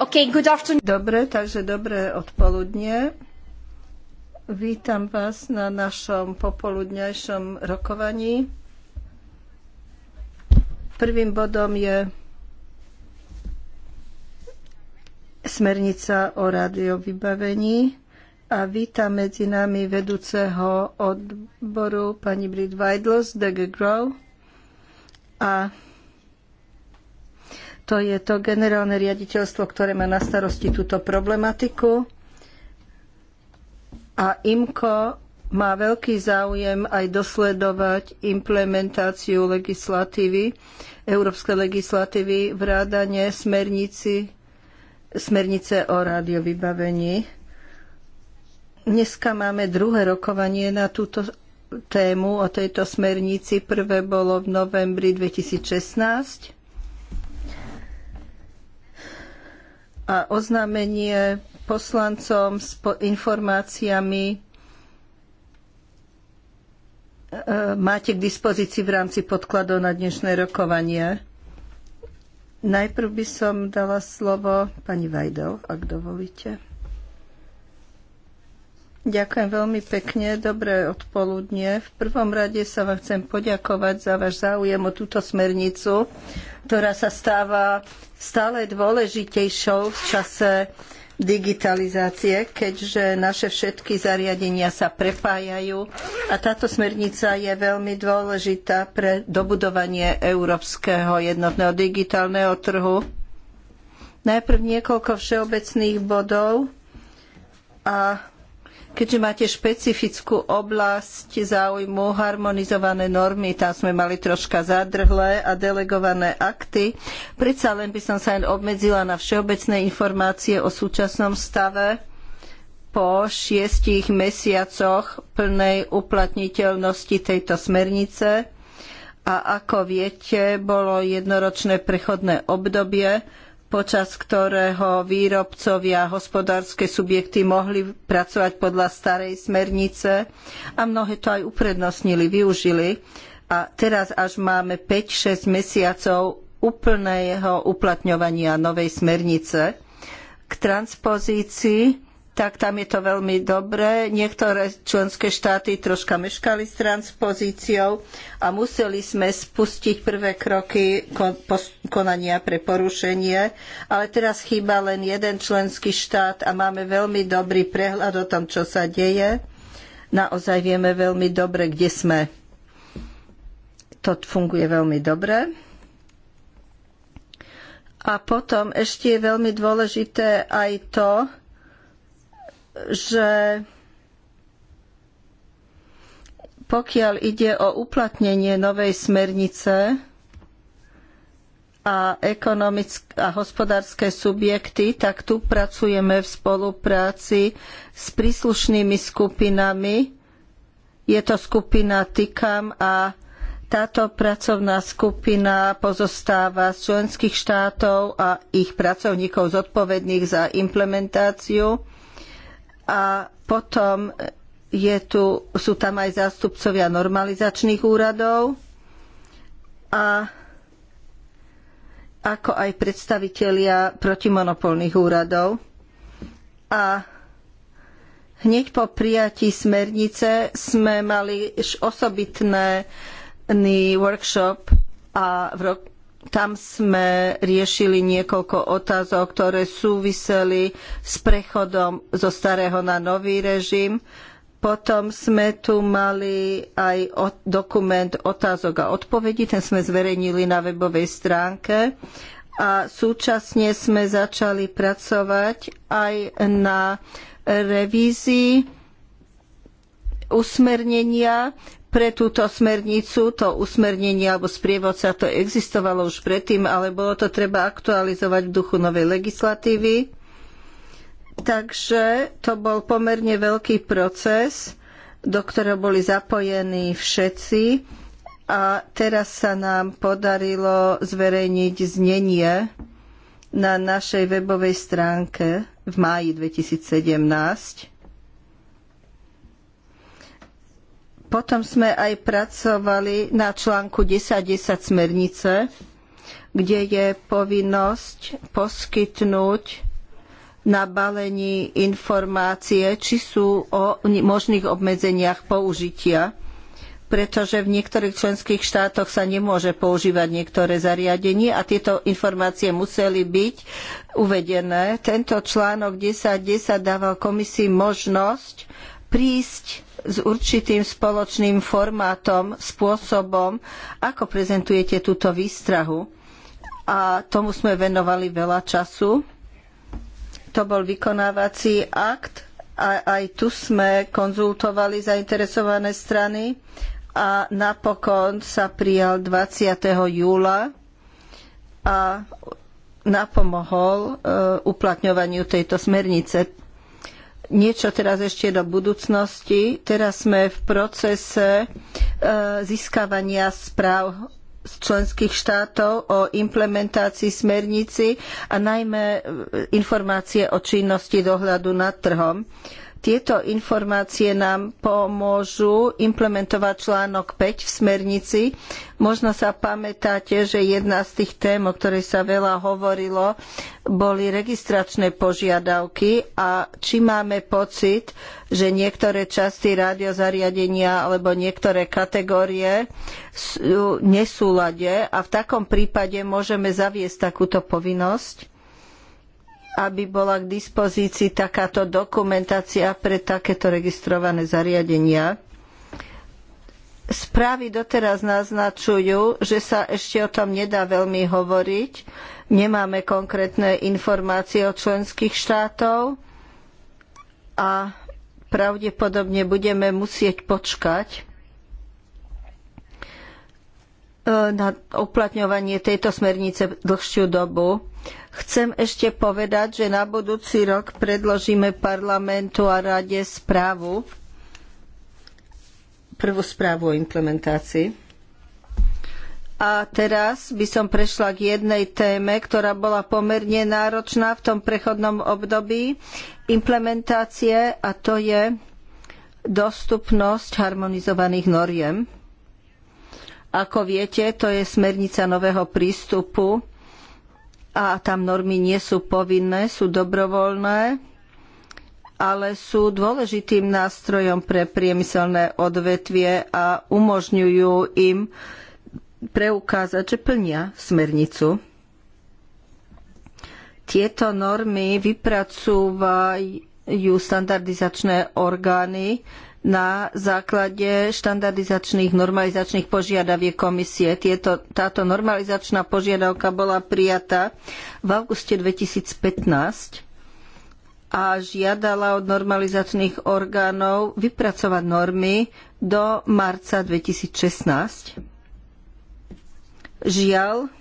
Okay, good afternoon. Dobre, takže dobré odpoludnie. Vítam vás na našom popoludňajšom rokovaní. Prvým bodom je smernica o rádiovybavení a vítam medzi nami vedúceho odboru pani Brit Weidl z DG Grow a to je to generálne riaditeľstvo, ktoré má na starosti túto problematiku. A IMCO má veľký záujem aj dosledovať implementáciu legislatívy, európskej legislatívy, rádane smernici, smernice o rádiovybavení. Dneska máme druhé rokovanie na túto tému o tejto smernici. Prvé bolo v novembri 2016 a oznámenie poslancom s informáciami e, máte k dispozícii v rámci podkladov na dnešné rokovanie. Najprv by som dala slovo pani Vajdov, ak dovolíte. Ďakujem veľmi pekne, dobré odpoludne. V prvom rade sa vám chcem poďakovať za váš záujem o túto smernicu, ktorá sa stáva stále dôležitejšou v čase digitalizácie, keďže naše všetky zariadenia sa prepájajú a táto smernica je veľmi dôležitá pre dobudovanie európskeho jednotného digitálneho trhu. Najprv niekoľko všeobecných bodov a keďže máte špecifickú oblasť záujmu, harmonizované normy, tam sme mali troška zadrhlé a delegované akty. Predsa len by som sa len obmedzila na všeobecné informácie o súčasnom stave po šiestich mesiacoch plnej uplatniteľnosti tejto smernice. A ako viete, bolo jednoročné prechodné obdobie, počas ktorého výrobcovia a hospodárske subjekty mohli pracovať podľa starej smernice a mnohé to aj uprednostnili, využili. A teraz až máme 5-6 mesiacov úplného uplatňovania novej smernice k transpozícii tak tam je to veľmi dobré. Niektoré členské štáty troška meškali s transpozíciou a museli sme spustiť prvé kroky konania pre porušenie, ale teraz chýba len jeden členský štát a máme veľmi dobrý prehľad o tom, čo sa deje. Naozaj vieme veľmi dobre, kde sme. To funguje veľmi dobre. A potom ešte je veľmi dôležité aj to, že pokiaľ ide o uplatnenie novej smernice a, a hospodárske subjekty, tak tu pracujeme v spolupráci s príslušnými skupinami. Je to skupina TIKAM a táto pracovná skupina pozostáva z členských štátov a ich pracovníkov zodpovedných za implementáciu a potom je tu, sú tam aj zástupcovia normalizačných úradov a ako aj predstavitelia protimonopolných úradov. A hneď po prijatí smernice sme mali osobitný workshop a v roku tam sme riešili niekoľko otázok, ktoré súviseli s prechodom zo starého na nový režim. Potom sme tu mali aj dokument otázok a odpovedí, ten sme zverejnili na webovej stránke a súčasne sme začali pracovať aj na revízii usmernenia pre túto smernicu, to usmernenie alebo sprievodca to existovalo už predtým, ale bolo to treba aktualizovať v duchu novej legislatívy. Takže to bol pomerne veľký proces, do ktorého boli zapojení všetci a teraz sa nám podarilo zverejniť znenie na našej webovej stránke v máji 2017 Potom sme aj pracovali na článku 10.10 smernice, kde je povinnosť poskytnúť na balení informácie, či sú o možných obmedzeniach použitia, pretože v niektorých členských štátoch sa nemôže používať niektoré zariadenie a tieto informácie museli byť uvedené. Tento článok 10.10 dával komisii možnosť prísť s určitým spoločným formátom, spôsobom, ako prezentujete túto výstrahu. A tomu sme venovali veľa času. To bol vykonávací akt a aj tu sme konzultovali zainteresované strany a napokon sa prijal 20. júla a napomohol e, uplatňovaniu tejto smernice niečo teraz ešte do budúcnosti. Teraz sme v procese e, získavania správ z členských štátov o implementácii smernici a najmä e, informácie o činnosti dohľadu nad trhom. Tieto informácie nám pomôžu implementovať článok 5 v smernici. Možno sa pamätáte, že jedna z tých tém, o ktorej sa veľa hovorilo, boli registračné požiadavky a či máme pocit, že niektoré časti rádiozariadenia alebo niektoré kategórie sú nesúlade a v takom prípade môžeme zaviesť takúto povinnosť? aby bola k dispozícii takáto dokumentácia pre takéto registrované zariadenia. Správy doteraz naznačujú, že sa ešte o tom nedá veľmi hovoriť. Nemáme konkrétne informácie od členských štátov a pravdepodobne budeme musieť počkať E, na uplatňovanie tejto smernice dlhšiu dobu. Chcem ešte povedať, že na budúci rok predložíme parlamentu a rade správu, prvú správu o implementácii. A teraz by som prešla k jednej téme, ktorá bola pomerne náročná v tom prechodnom období implementácie a to je dostupnosť harmonizovaných noriem ako viete, to je smernica nového prístupu a tam normy nie sú povinné, sú dobrovoľné, ale sú dôležitým nástrojom pre priemyselné odvetvie a umožňujú im preukázať, že plnia smernicu. Tieto normy vypracúvajú standardizačné orgány, na základe štandardizačných normalizačných požiadaviek komisie. Tieto, táto normalizačná požiadavka bola prijatá v auguste 2015 a žiadala od normalizačných orgánov vypracovať normy do marca 2016. Žiaľ,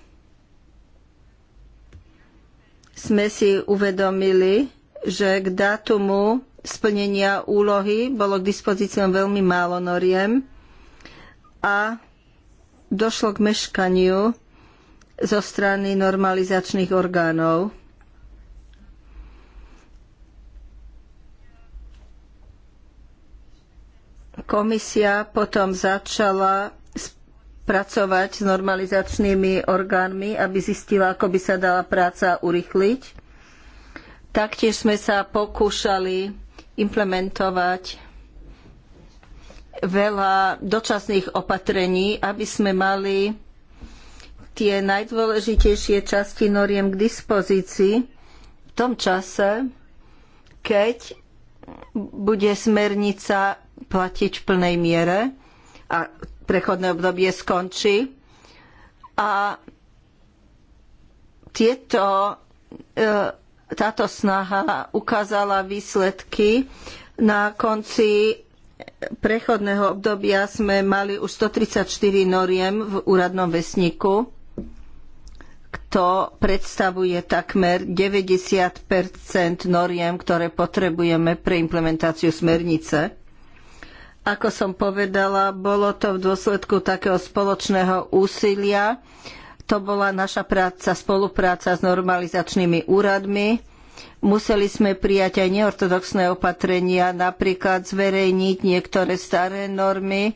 sme si uvedomili, že k dátumu splnenia úlohy, bolo k dispozícii veľmi málo noriem a došlo k meškaniu zo strany normalizačných orgánov. Komisia potom začala pracovať s normalizačnými orgánmi, aby zistila, ako by sa dala práca urychliť. Taktiež sme sa pokúšali implementovať veľa dočasných opatrení, aby sme mali tie najdôležitejšie časti noriem k dispozícii v tom čase, keď bude smernica platiť v plnej miere a prechodné obdobie skončí. A tieto e, táto snaha ukázala výsledky. Na konci prechodného obdobia sme mali už 134 noriem v úradnom vesniku. To predstavuje takmer 90 noriem, ktoré potrebujeme pre implementáciu smernice. Ako som povedala, bolo to v dôsledku takého spoločného úsilia to bola naša práca, spolupráca s normalizačnými úradmi. Museli sme prijať aj neortodoxné opatrenia, napríklad zverejniť niektoré staré normy,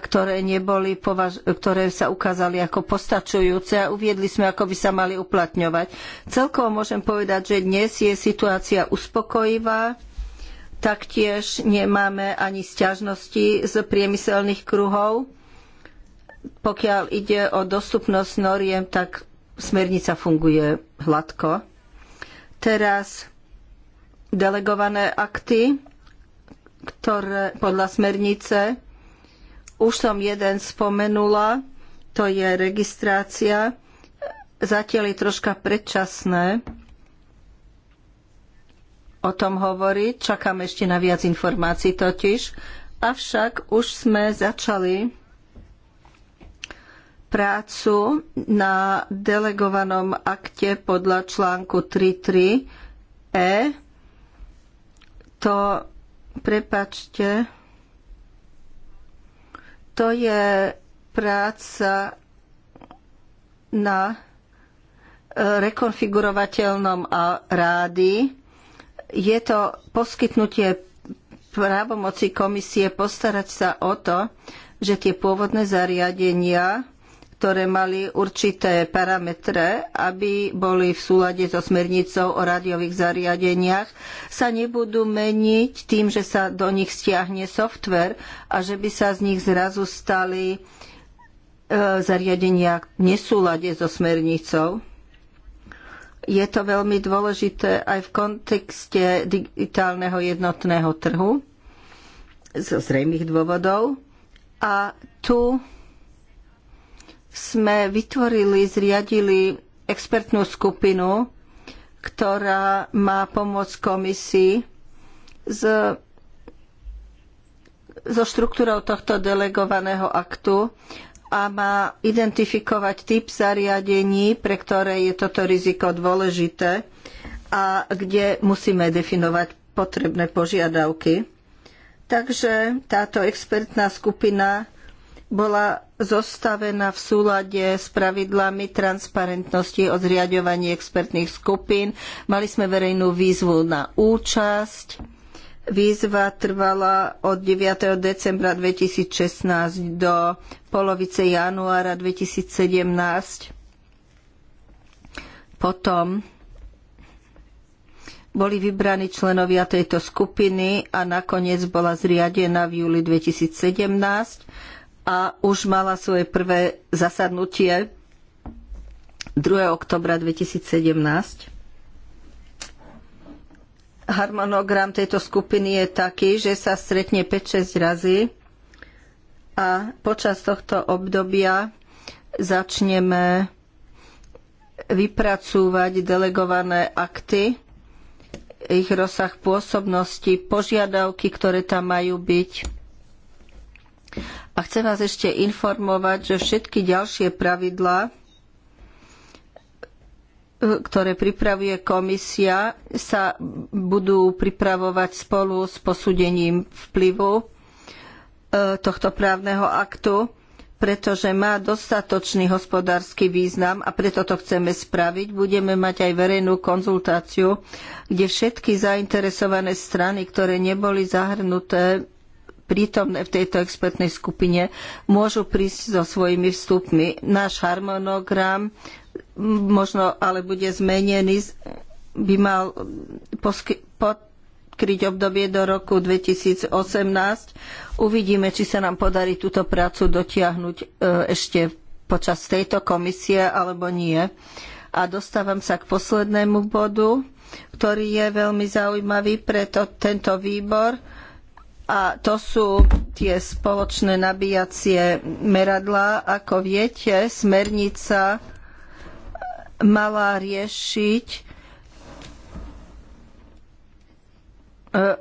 ktoré, neboli ktoré sa ukázali ako postačujúce a uviedli sme, ako by sa mali uplatňovať. Celkovo môžem povedať, že dnes je situácia uspokojivá. Taktiež nemáme ani sťažnosti z priemyselných kruhov pokiaľ ide o dostupnosť noriem, tak smernica funguje hladko. Teraz delegované akty, ktoré podľa smernice už som jeden spomenula, to je registrácia. Zatiaľ je troška predčasné o tom hovoriť. Čakám ešte na viac informácií totiž. Avšak už sme začali prácu na delegovanom akte podľa článku 3.3e. To, prepačte, to je práca na e, rekonfigurovateľnom rádi. Je to poskytnutie právomoci komisie postarať sa o to, že tie pôvodné zariadenia ktoré mali určité parametre, aby boli v súlade so smernicou o rádiových zariadeniach, sa nebudú meniť tým, že sa do nich stiahne software a že by sa z nich zrazu stali e, zariadenia v nesúlade so smernicou. Je to veľmi dôležité aj v kontexte digitálneho jednotného trhu zo zrejmých dôvodov. A tu sme vytvorili, zriadili expertnú skupinu, ktorá má pomôcť komisii z, so štruktúrou tohto delegovaného aktu a má identifikovať typ zariadení, pre ktoré je toto riziko dôležité a kde musíme definovať potrebné požiadavky. Takže táto expertná skupina bola zostavená v súlade s pravidlami transparentnosti o zriadovaní expertných skupín. Mali sme verejnú výzvu na účasť. Výzva trvala od 9. decembra 2016 do polovice januára 2017. Potom boli vybraní členovia tejto skupiny a nakoniec bola zriadená v júli 2017 a už mala svoje prvé zasadnutie 2. oktobra 2017. Harmonogram tejto skupiny je taký, že sa stretne 5-6 razy a počas tohto obdobia začneme vypracúvať delegované akty, ich rozsah pôsobnosti, požiadavky, ktoré tam majú byť a chcem vás ešte informovať, že všetky ďalšie pravidlá, e, ktoré pripravuje komisia, sa budú pripravovať spolu s posúdením vplyvu e, tohto právneho aktu, pretože má dostatočný hospodársky význam a preto to chceme spraviť. Budeme mať aj verejnú konzultáciu, kde všetky zainteresované strany, ktoré neboli zahrnuté prítomné v tejto expertnej skupine, môžu prísť so svojimi vstupmi. Náš harmonogram možno ale bude zmenený, by mal podkryť obdobie do roku 2018. Uvidíme, či sa nám podarí túto prácu dotiahnuť e, ešte počas tejto komisie alebo nie. A dostávam sa k poslednému bodu, ktorý je veľmi zaujímavý pre to, tento výbor a to sú tie spoločné nabíjacie meradlá. Ako viete, smernica mala riešiť e,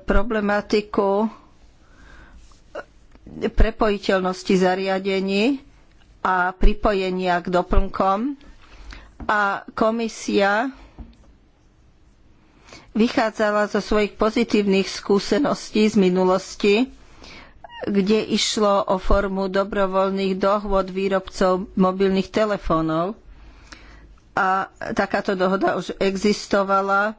problematiku prepojiteľnosti zariadení a pripojenia k doplnkom a komisia vychádzala zo svojich pozitívnych skúseností z minulosti, kde išlo o formu dobrovoľných dohôd výrobcov mobilných telefónov. A takáto dohoda už existovala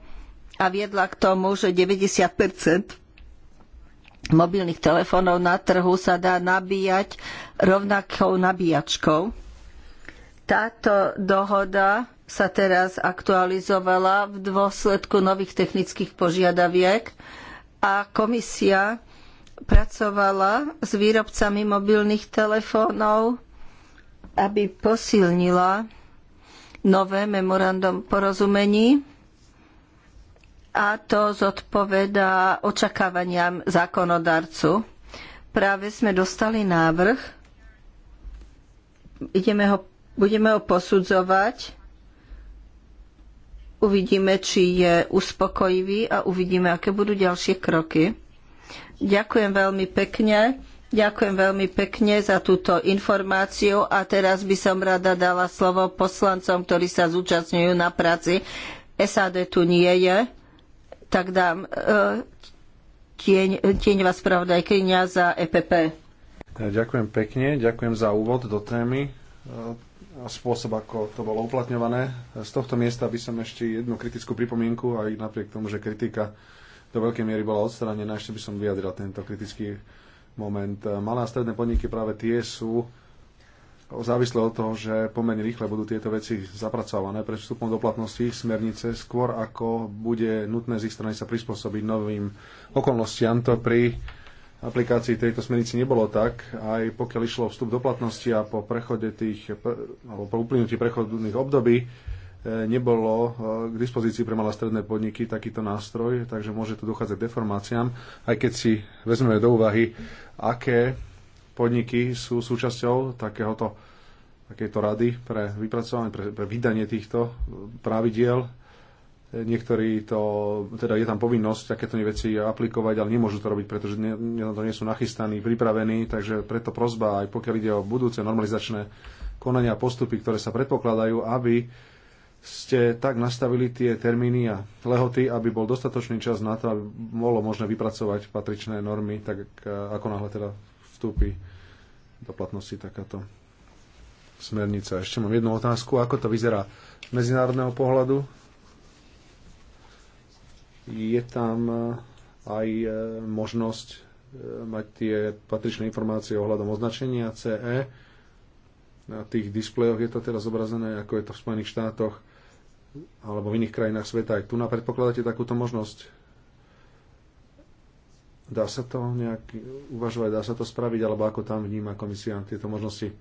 a viedla k tomu, že 90 mobilných telefónov na trhu sa dá nabíjať rovnakou nabíjačkou. Táto dohoda sa teraz aktualizovala v dôsledku nových technických požiadaviek a komisia pracovala s výrobcami mobilných telefónov, aby posilnila nové memorandum porozumení a to zodpovedá očakávaniam zákonodarcu. Práve sme dostali návrh, ideme ho, budeme ho posudzovať Uvidíme, či je uspokojivý a uvidíme, aké budú ďalšie kroky. Ďakujem veľmi pekne. Ďakujem veľmi pekne za túto informáciu a teraz by som rada dala slovo poslancom, ktorí sa zúčastňujú na práci. SAD tu nie je, tak dám e, tieň, tieň vás pravdajkynia za EPP. Ďakujem pekne, ďakujem za úvod do témy e, spôsob, ako to bolo uplatňované. Z tohto miesta by som ešte jednu kritickú pripomienku, aj napriek tomu, že kritika do veľkej miery bola odstranená, ešte by som vyjadril tento kritický moment. Malé a stredné podniky práve tie sú závislé od toho, že pomerne rýchle budú tieto veci zapracované pred vstupom do platnosti smernice, skôr ako bude nutné z ich strany sa prispôsobiť novým okolnostiam. To pri aplikácii tejto smernici nebolo tak, aj pokiaľ išlo vstup do platnosti a po prechode tých, alebo po uplynutí prechodných období, e, nebolo e, k dispozícii pre malé stredné podniky takýto nástroj, takže môže tu dochádzať k deformáciám, aj keď si vezmeme do úvahy, aké podniky sú súčasťou takéhoto takéto rady pre vypracovanie, pre, pre vydanie týchto pravidiel, Niektorí to, teda je tam povinnosť takéto veci aplikovať, ale nemôžu to robiť, pretože ne, na to nie sú nachystaní, pripravení, takže preto prozba, aj pokiaľ ide o budúce normalizačné konania a postupy, ktoré sa predpokladajú, aby ste tak nastavili tie termíny a lehoty, aby bol dostatočný čas na to, aby bolo možné vypracovať patričné normy, tak eh, ako náhle teda vstúpi do platnosti takáto smernica. Ešte mám jednu otázku, ako to vyzerá z medzinárodného pohľadu, je tam e, aj e, možnosť e, mať tie patričné informácie ohľadom označenia CE. Na tých displejoch je to teraz zobrazené, ako je to v Spojených štátoch alebo v iných krajinách sveta. Aj tu na predpokladáte takúto možnosť? Dá sa to nejak uvažovať, dá sa to spraviť, alebo ako tam vníma komisia tieto možnosti,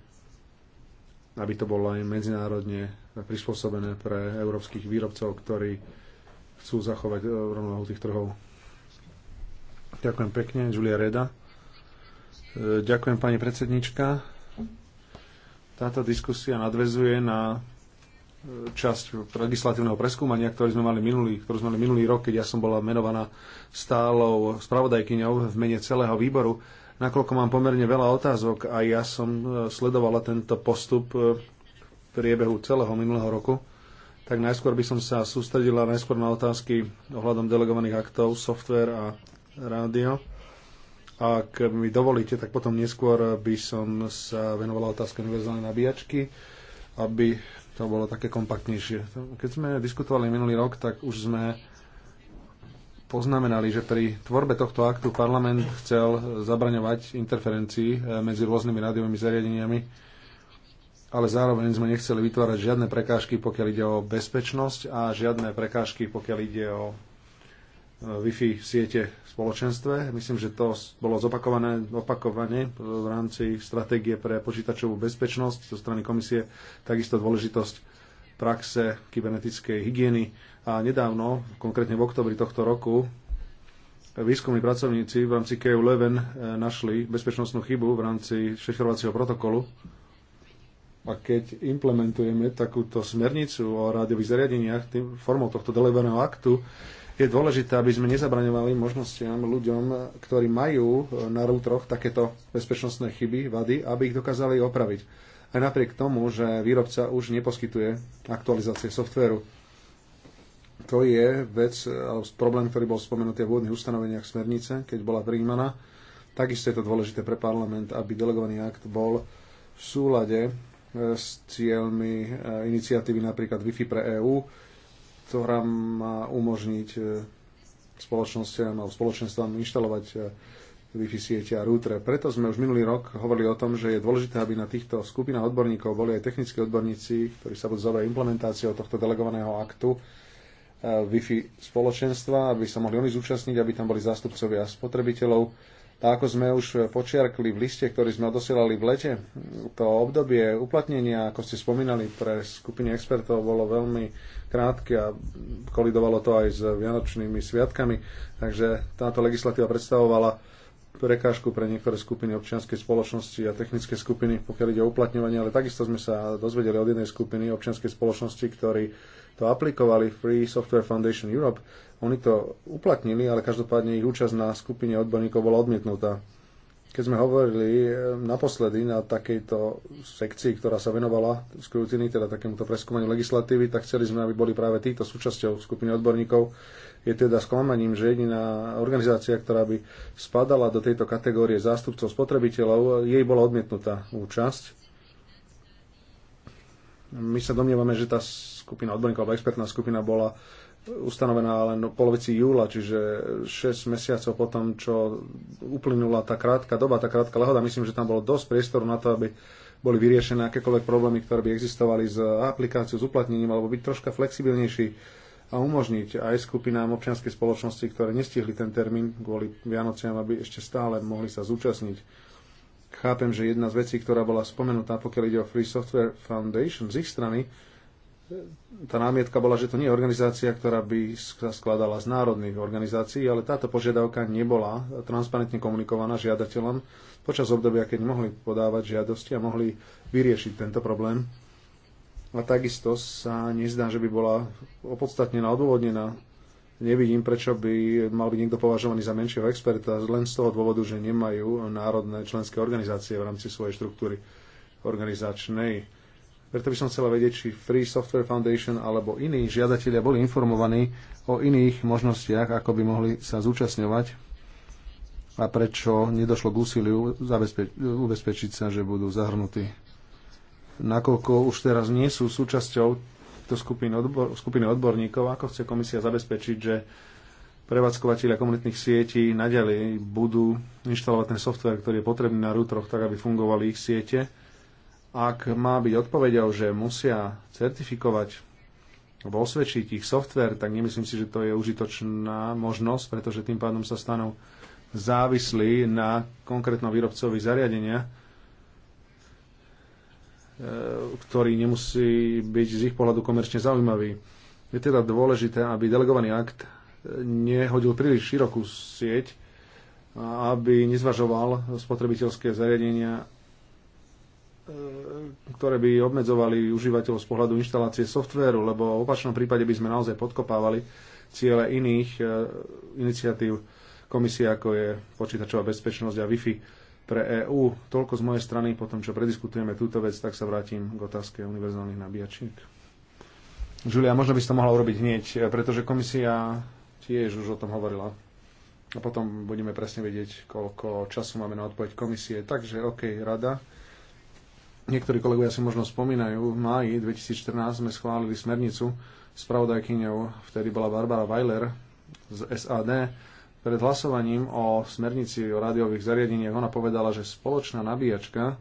aby to bolo aj medzinárodne prispôsobené pre európskych výrobcov, ktorí chcú zachovať e, rovnováhu tých trhov. Ďakujem pekne, Julia Reda. E, ďakujem pani predsednička. Táto diskusia nadvezuje na e, časť legislatívneho preskúmania, ktoré sme mali minulý, ktorú sme mali minulý rok, keď ja som bola menovaná stálou spravodajkyňou v mene celého výboru. Nakoľko mám pomerne veľa otázok a ja som sledovala tento postup v priebehu celého minulého roku, tak najskôr by som sa sústredila najskôr na otázky ohľadom delegovaných aktov, software a rádio. Ak mi dovolíte, tak potom neskôr by som sa venovala otázke univerzálnej nabíjačky, aby to bolo také kompaktnejšie. Keď sme diskutovali minulý rok, tak už sme poznamenali, že pri tvorbe tohto aktu parlament chcel zabraňovať interferencii eh, medzi rôznymi rádiovými zariadeniami ale zároveň sme nechceli vytvárať žiadne prekážky, pokiaľ ide o bezpečnosť a žiadne prekážky, pokiaľ ide o e, Wi-Fi siete v spoločenstve. Myslím, že to bolo zopakované opakovane v rámci stratégie pre počítačovú bezpečnosť zo strany komisie, takisto dôležitosť praxe kybernetickej hygieny. A nedávno, konkrétne v oktobri tohto roku, výskumní pracovníci v rámci KU Leven e, našli bezpečnostnú chybu v rámci šešerovacieho protokolu, a keď implementujeme takúto smernicu o rádiových zariadeniach tým, formou tohto delegovaného aktu, je dôležité, aby sme nezabraňovali možnostiam ľuďom, ktorí majú na rútroch takéto bezpečnostné chyby, vady, aby ich dokázali opraviť. Aj napriek tomu, že výrobca už neposkytuje aktualizácie softvéru. To je vec, problém, ktorý bol spomenutý v úvodných ustanoveniach smernice, keď bola prijímaná. Takisto je to dôležité pre parlament, aby delegovaný akt bol v súlade s cieľmi e, iniciatívy napríklad Wi-Fi pre EÚ, ktorá má umožniť e, spoločnostiam alebo spoločenstvám inštalovať e, Wi-Fi siete a rútre. Preto sme už minulý rok hovorili o tom, že je dôležité, aby na týchto skupinách odborníkov boli aj technickí odborníci, ktorí sa budú zaujímať implementáciou tohto delegovaného aktu Wi-Fi spoločenstva, aby sa mohli oni zúčastniť, aby tam boli zástupcovia spotrebiteľov, tak ako sme už počiarkli v liste, ktorý sme odosielali v lete, to obdobie uplatnenia, ako ste spomínali, pre skupiny expertov bolo veľmi krátke a kolidovalo to aj s vianočnými sviatkami, takže táto legislatíva predstavovala prekážku pre niektoré skupiny občianskej spoločnosti a technické skupiny, pokiaľ ide o uplatňovanie, ale takisto sme sa dozvedeli od jednej skupiny občianskej spoločnosti, ktorí to aplikovali Free Software Foundation Europe, oni to uplatnili, ale každopádne ich účasť na skupine odborníkov bola odmietnutá. Keď sme hovorili e, naposledy na takejto sekcii, ktorá sa venovala skrutiny, teda takémuto preskúmaniu legislatívy, tak chceli sme, aby boli práve títo súčasťou skupiny odborníkov. Je teda sklamaním, že jediná organizácia, ktorá by spadala do tejto kategórie zástupcov spotrebiteľov, jej bola odmietnutá účasť my sa domnievame, že tá skupina odborníkov alebo expertná skupina bola ustanovená len v polovici júla, čiže 6 mesiacov po tom, čo uplynula tá krátka doba, tá krátka lehoda. Myslím, že tam bolo dosť priestoru na to, aby boli vyriešené akékoľvek problémy, ktoré by existovali s aplikáciou, s uplatnením, alebo byť troška flexibilnejší a umožniť aj skupinám občianskej spoločnosti, ktoré nestihli ten termín kvôli Vianociam, aby ešte stále mohli sa zúčastniť. Chápem, že jedna z vecí, ktorá bola spomenutá, pokiaľ ide o Free Software Foundation z ich strany, tá námietka bola, že to nie je organizácia, ktorá by sa skladala z národných organizácií, ale táto požiadavka nebola transparentne komunikovaná žiadateľom počas obdobia, keď mohli podávať žiadosti a mohli vyriešiť tento problém. A takisto sa nezdá, že by bola opodstatnená, odôvodnená. Nevidím, prečo by mal byť niekto považovaný za menšieho experta, len z toho dôvodu, že nemajú národné členské organizácie v rámci svojej štruktúry organizačnej preto by som chcela vedieť, či Free Software Foundation alebo iní žiadatelia boli informovaní o iných možnostiach, ako by mohli sa zúčastňovať a prečo nedošlo k úsiliu ubezpečiť sa, že budú zahrnutí. Nakoľko už teraz nie sú súčasťou tejto skupiny, odbor, skupiny odborníkov, ako chce komisia zabezpečiť, že prevádzkovateľia komunitných sietí naďalej budú inštalovať ten software, ktorý je potrebný na rútroch, tak aby fungovali ich siete ak má byť odpovedou, že musia certifikovať alebo osvedčiť ich software, tak nemyslím si, že to je užitočná možnosť, pretože tým pádom sa stanú závislí na konkrétnom výrobcovi zariadenia, e, ktorý nemusí byť z ich pohľadu komerčne zaujímavý. Je teda dôležité, aby delegovaný akt nehodil príliš širokú sieť, aby nezvažoval spotrebiteľské zariadenia E, ktoré by obmedzovali užívateľov z pohľadu inštalácie softvéru, lebo v opačnom prípade by sme naozaj podkopávali ciele iných e, iniciatív komisie, ako je počítačová bezpečnosť a Wi-Fi pre EÚ. Toľko z mojej strany, potom čo prediskutujeme túto vec, tak sa vrátim k otázke univerzálnych nabíjačiek. Julia, možno by si to mohla urobiť hneď, e, pretože komisia tiež už o tom hovorila. A potom budeme presne vedieť, koľko času máme na odpoveď komisie. Takže, OK, rada. Niektorí kolegovia si možno spomínajú, v máji 2014 sme schválili smernicu, spravodajkyňou vtedy bola Barbara Weiler z SAD. Pred hlasovaním o smernici o rádiových zariadeniach ona povedala, že spoločná nabíjačka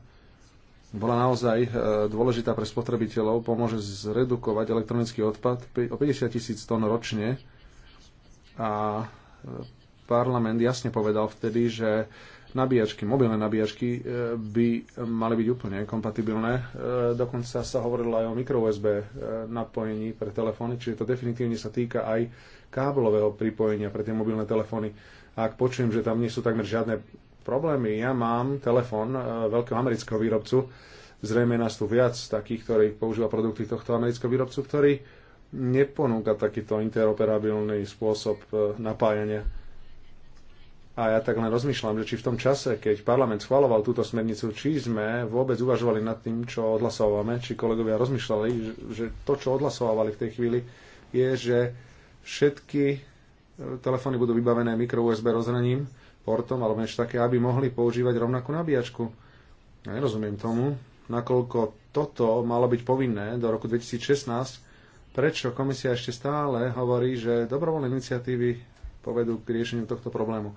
bola naozaj e, dôležitá pre spotrebiteľov, pomôže zredukovať elektronický odpad o 50 tisíc tón ročne a e, parlament jasne povedal vtedy, že nabíjačky, mobilné nabíjačky e, by mali byť úplne kompatibilné. E, dokonca sa hovorilo aj o micro USB e, napojení pre telefóny, čiže to definitívne sa týka aj káblového pripojenia pre tie mobilné telefóny. Ak počujem, že tam nie sú takmer žiadne problémy, ja mám telefón veľkého amerického výrobcu, zrejme nás tu viac takých, ktorí používa produkty tohto amerického výrobcu, ktorý neponúka takýto interoperabilný spôsob napájania a ja tak len rozmýšľam, že či v tom čase, keď parlament schvaloval túto smernicu, či sme vôbec uvažovali nad tým, čo odhlasovávame, či kolegovia rozmýšľali, že to, čo odhlasovávali v tej chvíli, je, že všetky e, telefóny budú vybavené mikro USB rozhraním, portom alebo niečo také, aby mohli používať rovnakú nabíjačku. Ja nerozumiem tomu, nakoľko toto malo byť povinné do roku 2016, prečo komisia ešte stále hovorí, že dobrovoľné iniciatívy povedú k riešeniu tohto problému.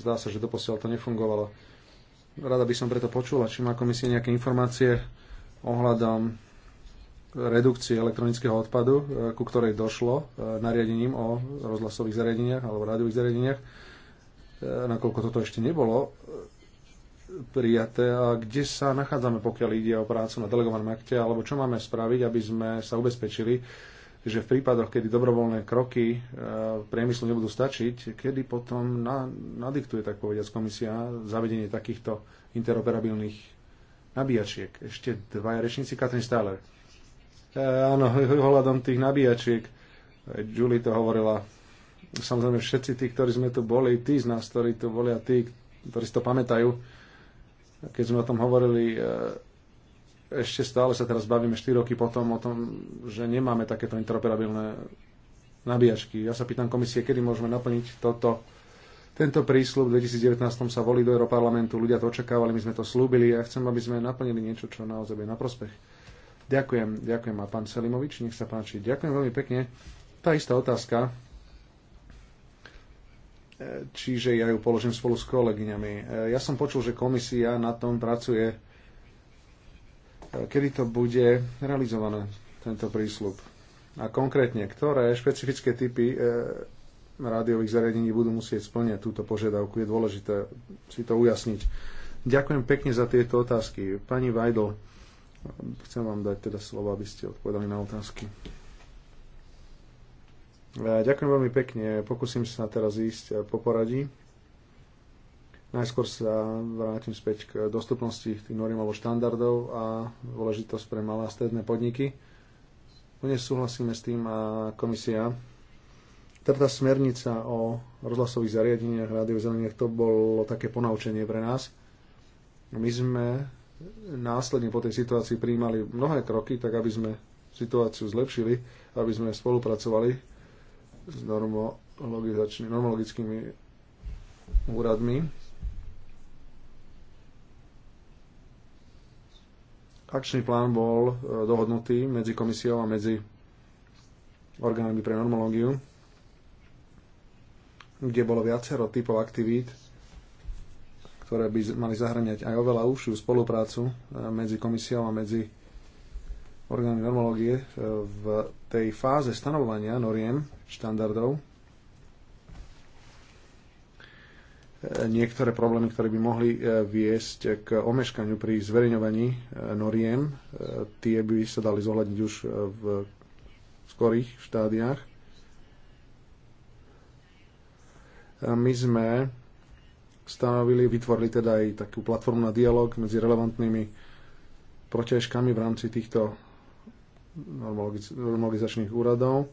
Zdá sa, že doposiaľ to nefungovalo. Rada by som preto počula, či má komisie nejaké informácie ohľadom redukcie elektronického odpadu, e, ku ktorej došlo e, nariadením o rozhlasových zariadeniach alebo rádiových zariadeniach, e, nakoľko toto ešte nebolo prijaté a kde sa nachádzame, pokiaľ ide o prácu na delegovanom akte, alebo čo máme spraviť, aby sme sa ubezpečili, že v prípadoch, kedy dobrovoľné kroky e, priemyslu nebudú stačiť, kedy potom na, nadiktuje, tak povediať, komisia zavedenie takýchto interoperabilných nabíjačiek. Ešte dva rečníci, Katrin Stáler. E, áno, ohľadom tých nabíjačiek, Julie to hovorila, samozrejme všetci tí, ktorí sme tu boli, tí z nás, ktorí tu boli a tí, ktorí si to pamätajú, keď sme o tom hovorili, e, ešte stále sa teraz bavíme 4 roky potom o tom, že nemáme takéto interoperabilné nabíjačky. Ja sa pýtam komisie, kedy môžeme naplniť toto, tento prísľub. V 2019 sa volí do Európarlamentu, ľudia to očakávali, my sme to slúbili a ja chcem, aby sme naplnili niečo, čo naozaj je na prospech. Ďakujem, ďakujem a pán Selimovič, nech sa páči. Ďakujem veľmi pekne. Tá istá otázka, e, čiže ja ju položím spolu s kolegyňami. E, ja som počul, že komisia na tom pracuje E, kedy to bude realizované, tento prísľub. A konkrétne, ktoré špecifické typy e, rádiových zariadení budú musieť splňať túto požiadavku. Je dôležité si to ujasniť. Ďakujem pekne za tieto otázky. Pani Vajdl, chcem vám dať teda slovo, aby ste odpovedali na otázky. E, ďakujem veľmi pekne. Pokúsim sa teraz ísť po poradí. Najskôr sa vrátim späť k dostupnosti tých noriem alebo štandardov a dôležitosť pre malé a stredné podniky. Plne súhlasíme s tým a komisia. Teda smernica o rozhlasových zariadeniach, rádiozeleniach, to bolo také ponaučenie pre nás. My sme následne po tej situácii prijímali mnohé kroky, tak aby sme situáciu zlepšili, aby sme spolupracovali s normologickými úradmi Akčný plán bol e, dohodnutý medzi komisiou a medzi orgánmi pre normológiu, kde bolo viacero typov aktivít, ktoré by mali zahraniať aj oveľa užšiu spoluprácu e, medzi komisiou a medzi orgánmi normológie e, v tej fáze stanovovania noriem, štandardov, niektoré problémy, ktoré by mohli e, viesť k omeškaniu pri zverejňovaní e, noriem, e, tie by sa dali zohľadniť už v skorých štádiách. My sme stanovili, vytvorili teda aj takú platformu na dialog medzi relevantnými protiažkami v rámci týchto normalizačných úradov.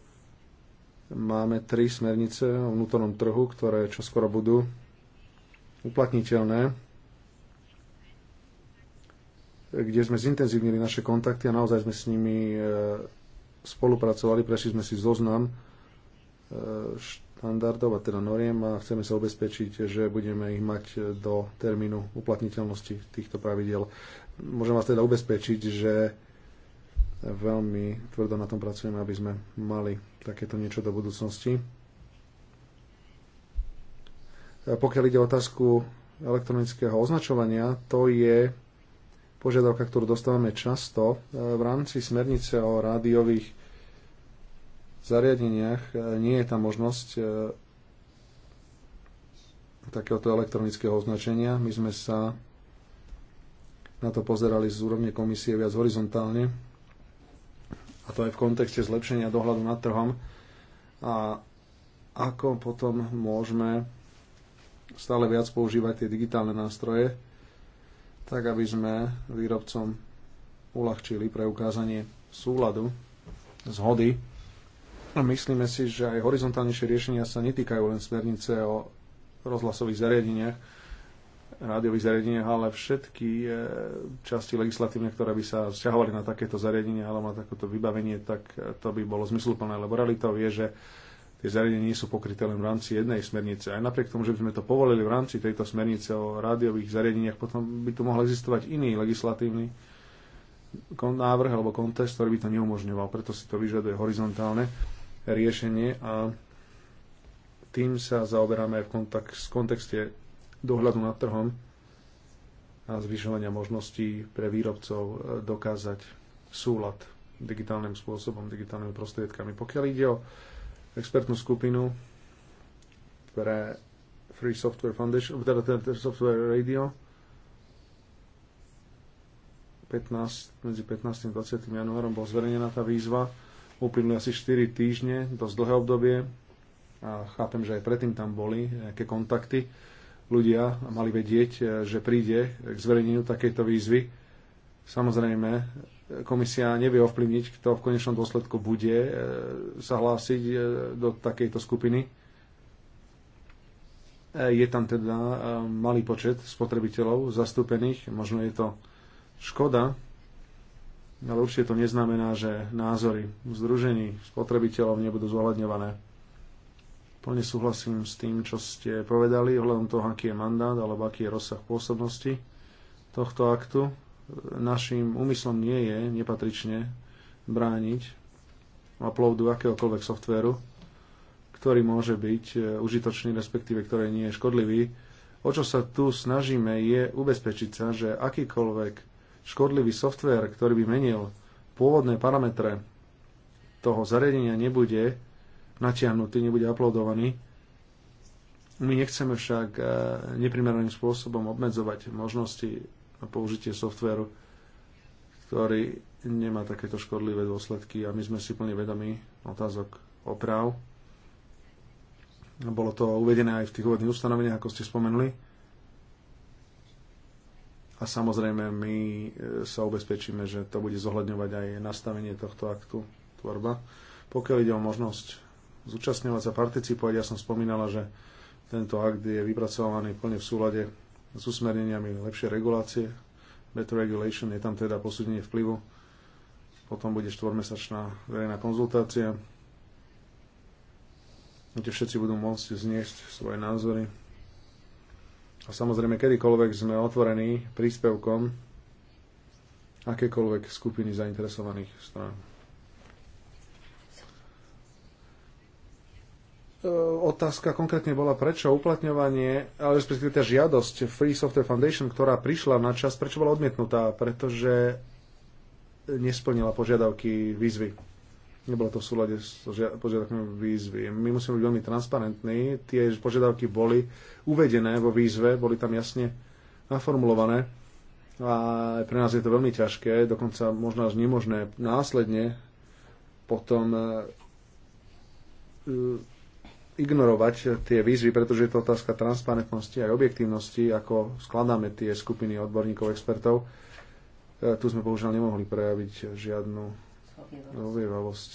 Máme tri smernice o vnútornom trhu, ktoré čoskoro budú uplatniteľné, kde sme zintenzívnili naše kontakty a naozaj sme s nimi e, spolupracovali, prešli sme si zoznam e, štandardov a teda noriem a chceme sa ubezpečiť, že budeme ich mať do termínu uplatniteľnosti týchto pravidiel. Môžem vás teda ubezpečiť, že veľmi tvrdo na tom pracujeme, aby sme mali takéto niečo do budúcnosti. Pokiaľ ide o otázku elektronického označovania, to je požiadavka, ktorú dostávame často. E, v rámci smernice o rádiových zariadeniach e, nie je tam možnosť e, takéhoto elektronického označenia. My sme sa na to pozerali z úrovne komisie viac horizontálne a to aj v kontexte zlepšenia dohľadu nad trhom a ako potom môžeme stále viac používať tie digitálne nástroje, tak aby sme výrobcom uľahčili preukázanie súladu, zhody. A myslíme si, že aj horizontálnejšie riešenia sa netýkajú len smernice o rozhlasových zariadeniach, rádiových zariadeniach, ale všetky eh, časti legislatívne, ktoré by sa vzťahovali na takéto zariadenie alebo na takéto vybavenie, tak eh, to by bolo zmysluplné, lebo realitou je, že tie zariadenia nie sú pokryté len v rámci jednej smernice. Aj napriek tomu, že by sme to povolili v rámci tejto smernice o rádiových zariadeniach, potom by tu mohol existovať iný legislatívny návrh alebo kontest, ktorý by to neumožňoval. Preto si to vyžaduje horizontálne riešenie a tým sa zaoberáme aj v, kontexte dohľadu nad trhom a zvyšovania možností pre výrobcov e, dokázať súlad digitálnym spôsobom, digitálnymi prostriedkami. Pokiaľ ide o expertnú skupinu pre Free Software Foundation, teda, Software Radio 15, medzi 15. a 20. januárom bola zverejnená tá výzva. Uplynuli asi 4 týždne, dosť dlhé obdobie a chápem, že aj predtým tam boli nejaké kontakty. Ľudia mali vedieť, že príde k zverejneniu takejto výzvy. Samozrejme, komisia nevie ovplyvniť, kto v konečnom dôsledku bude e, sa hlásiť e, do takejto skupiny. E, je tam teda malý počet spotrebiteľov zastúpených, možno je to škoda, ale určite to neznamená, že názory združení spotrebiteľov nebudú zohľadňované. Plne súhlasím s tým, čo ste povedali ohľadom toho, aký je mandát alebo aký je rozsah pôsobnosti tohto aktu našim úmyslom nie je nepatrične brániť uploadu akéhokoľvek softvéru, ktorý môže byť e, užitočný, respektíve ktorý nie je škodlivý. O čo sa tu snažíme je ubezpečiť sa, že akýkoľvek škodlivý softvér, ktorý by menil pôvodné parametre toho zariadenia, nebude natiahnutý, nebude uploadovaný. My nechceme však e, neprimeraným spôsobom obmedzovať možnosti použitie softvéru, ktorý nemá takéto škodlivé dôsledky a my sme si plne vedomi otázok oprav. Bolo to uvedené aj v tých úvodných ustanoveniach, ako ste spomenuli. A samozrejme, my e, sa ubezpečíme, že to bude zohľadňovať aj nastavenie tohto aktu tvorba. Pokiaľ ide o možnosť zúčastňovať sa, participovať, ja som spomínala, že tento akt je vypracovaný plne v súlade s usmerneniami lepšie regulácie. Better regulation je tam teda posúdenie vplyvu. Potom bude štvormesačná verejná konzultácia, kde všetci budú môcť zniesť svoje názory. A samozrejme, kedykoľvek sme otvorení príspevkom akékoľvek skupiny zainteresovaných strán. E, otázka konkrétne bola, prečo uplatňovanie, ale respektíve tá žiadosť Free Software Foundation, ktorá prišla na čas, prečo bola odmietnutá? Pretože nesplnila požiadavky výzvy. Nebolo to v súlade s požiadavkami výzvy. My musíme byť veľmi transparentní. Tie požiadavky boli uvedené vo výzve, boli tam jasne naformulované. A pre nás je to veľmi ťažké, dokonca možno až nemožné následne potom e, ignorovať tie výzvy, pretože je to otázka transparentnosti aj objektívnosti, ako skladáme tie skupiny odborníkov, expertov. E, tu sme bohužiaľ nemohli prejaviť žiadnu ovievavosť.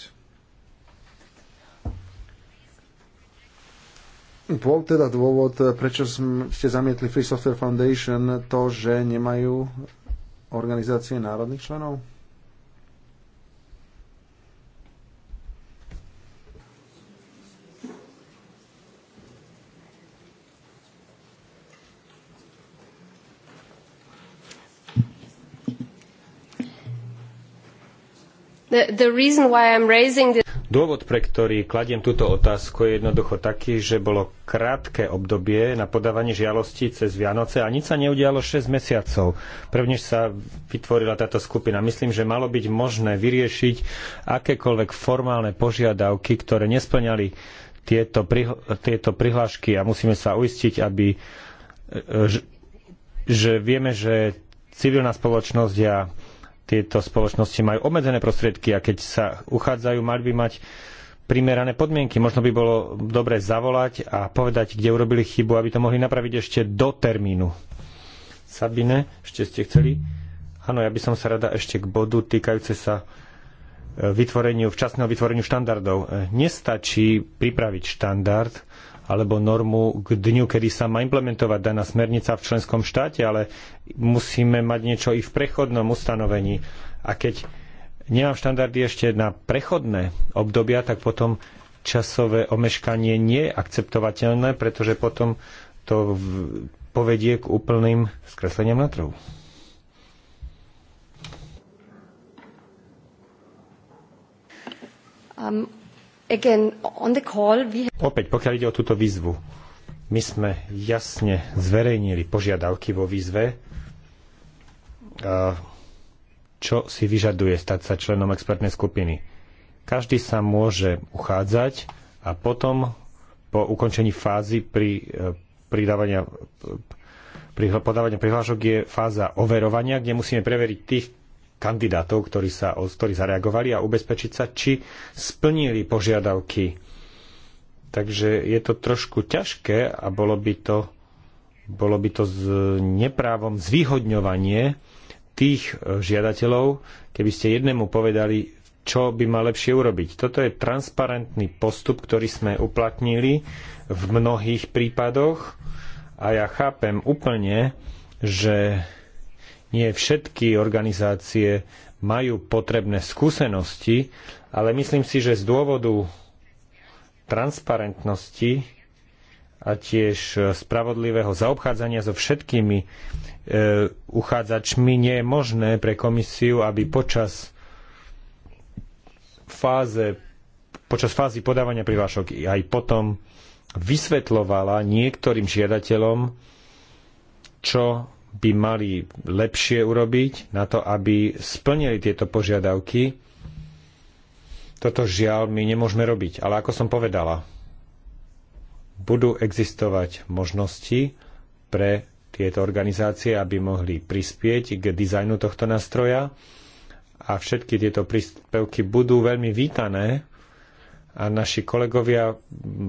Bol teda dôvod, prečo ste zamietli Free Software Foundation, to, že nemajú organizácie národných členov? Dôvod, pre ktorý kladiem túto otázku, je jednoducho taký, že bolo krátke obdobie na podávanie žialostí cez Vianoce a nič sa neudialo 6 mesiacov. Prvnež sa vytvorila táto skupina. Myslím, že malo byť možné vyriešiť akékoľvek formálne požiadavky, ktoré nesplňali tieto, prihl- tieto prihlášky a musíme sa uistiť, aby e, e, že vieme, že civilná spoločnosť a tieto spoločnosti majú obmedzené prostriedky a keď sa uchádzajú, mali by mať primerané podmienky. Možno by bolo dobre zavolať a povedať, kde urobili chybu, aby to mohli napraviť ešte do termínu. Sabine, ešte ste chceli? Áno, ja by som sa rada ešte k bodu týkajúce sa e, vytvoreniu, včasného vytvoreniu štandardov. E, nestačí pripraviť štandard, alebo normu k dňu, kedy sa má implementovať daná smernica v členskom štáte, ale musíme mať niečo i v prechodnom ustanovení. A keď nemám štandardy ešte na prechodné obdobia, tak potom časové omeškanie nie je akceptovateľné, pretože potom to povedie k úplným skresleniam na trhu. Um, Opäť, pokiaľ ide o túto výzvu, my sme jasne zverejnili požiadavky vo výzve, čo si vyžaduje stať sa členom expertnej skupiny. Každý sa môže uchádzať a potom po ukončení fázy pri e, pridávania e, pri podávaní prihlášok je fáza overovania, kde musíme preveriť tých, kandidátov, ktorí, sa, ktorí zareagovali a ubezpečiť sa, či splnili požiadavky. Takže je to trošku ťažké a bolo by to, bolo by to z neprávom zvýhodňovanie tých e, žiadateľov, keby ste jednému povedali, čo by mal lepšie urobiť. Toto je transparentný postup, ktorý sme uplatnili v mnohých prípadoch a ja chápem úplne, že nie všetky organizácie majú potrebné skúsenosti, ale myslím si, že z dôvodu transparentnosti a tiež e, spravodlivého zaobchádzania so všetkými e, uchádzačmi nie je možné pre komisiu, aby počas fáze počas fázy podávania prihlášok aj potom vysvetlovala niektorým žiadateľom, čo by mali lepšie urobiť na to, aby splnili tieto požiadavky. Toto žiaľ my nemôžeme robiť, ale ako som povedala, budú existovať možnosti pre tieto organizácie, aby mohli prispieť k dizajnu tohto nástroja a všetky tieto príspevky budú veľmi vítané a naši kolegovia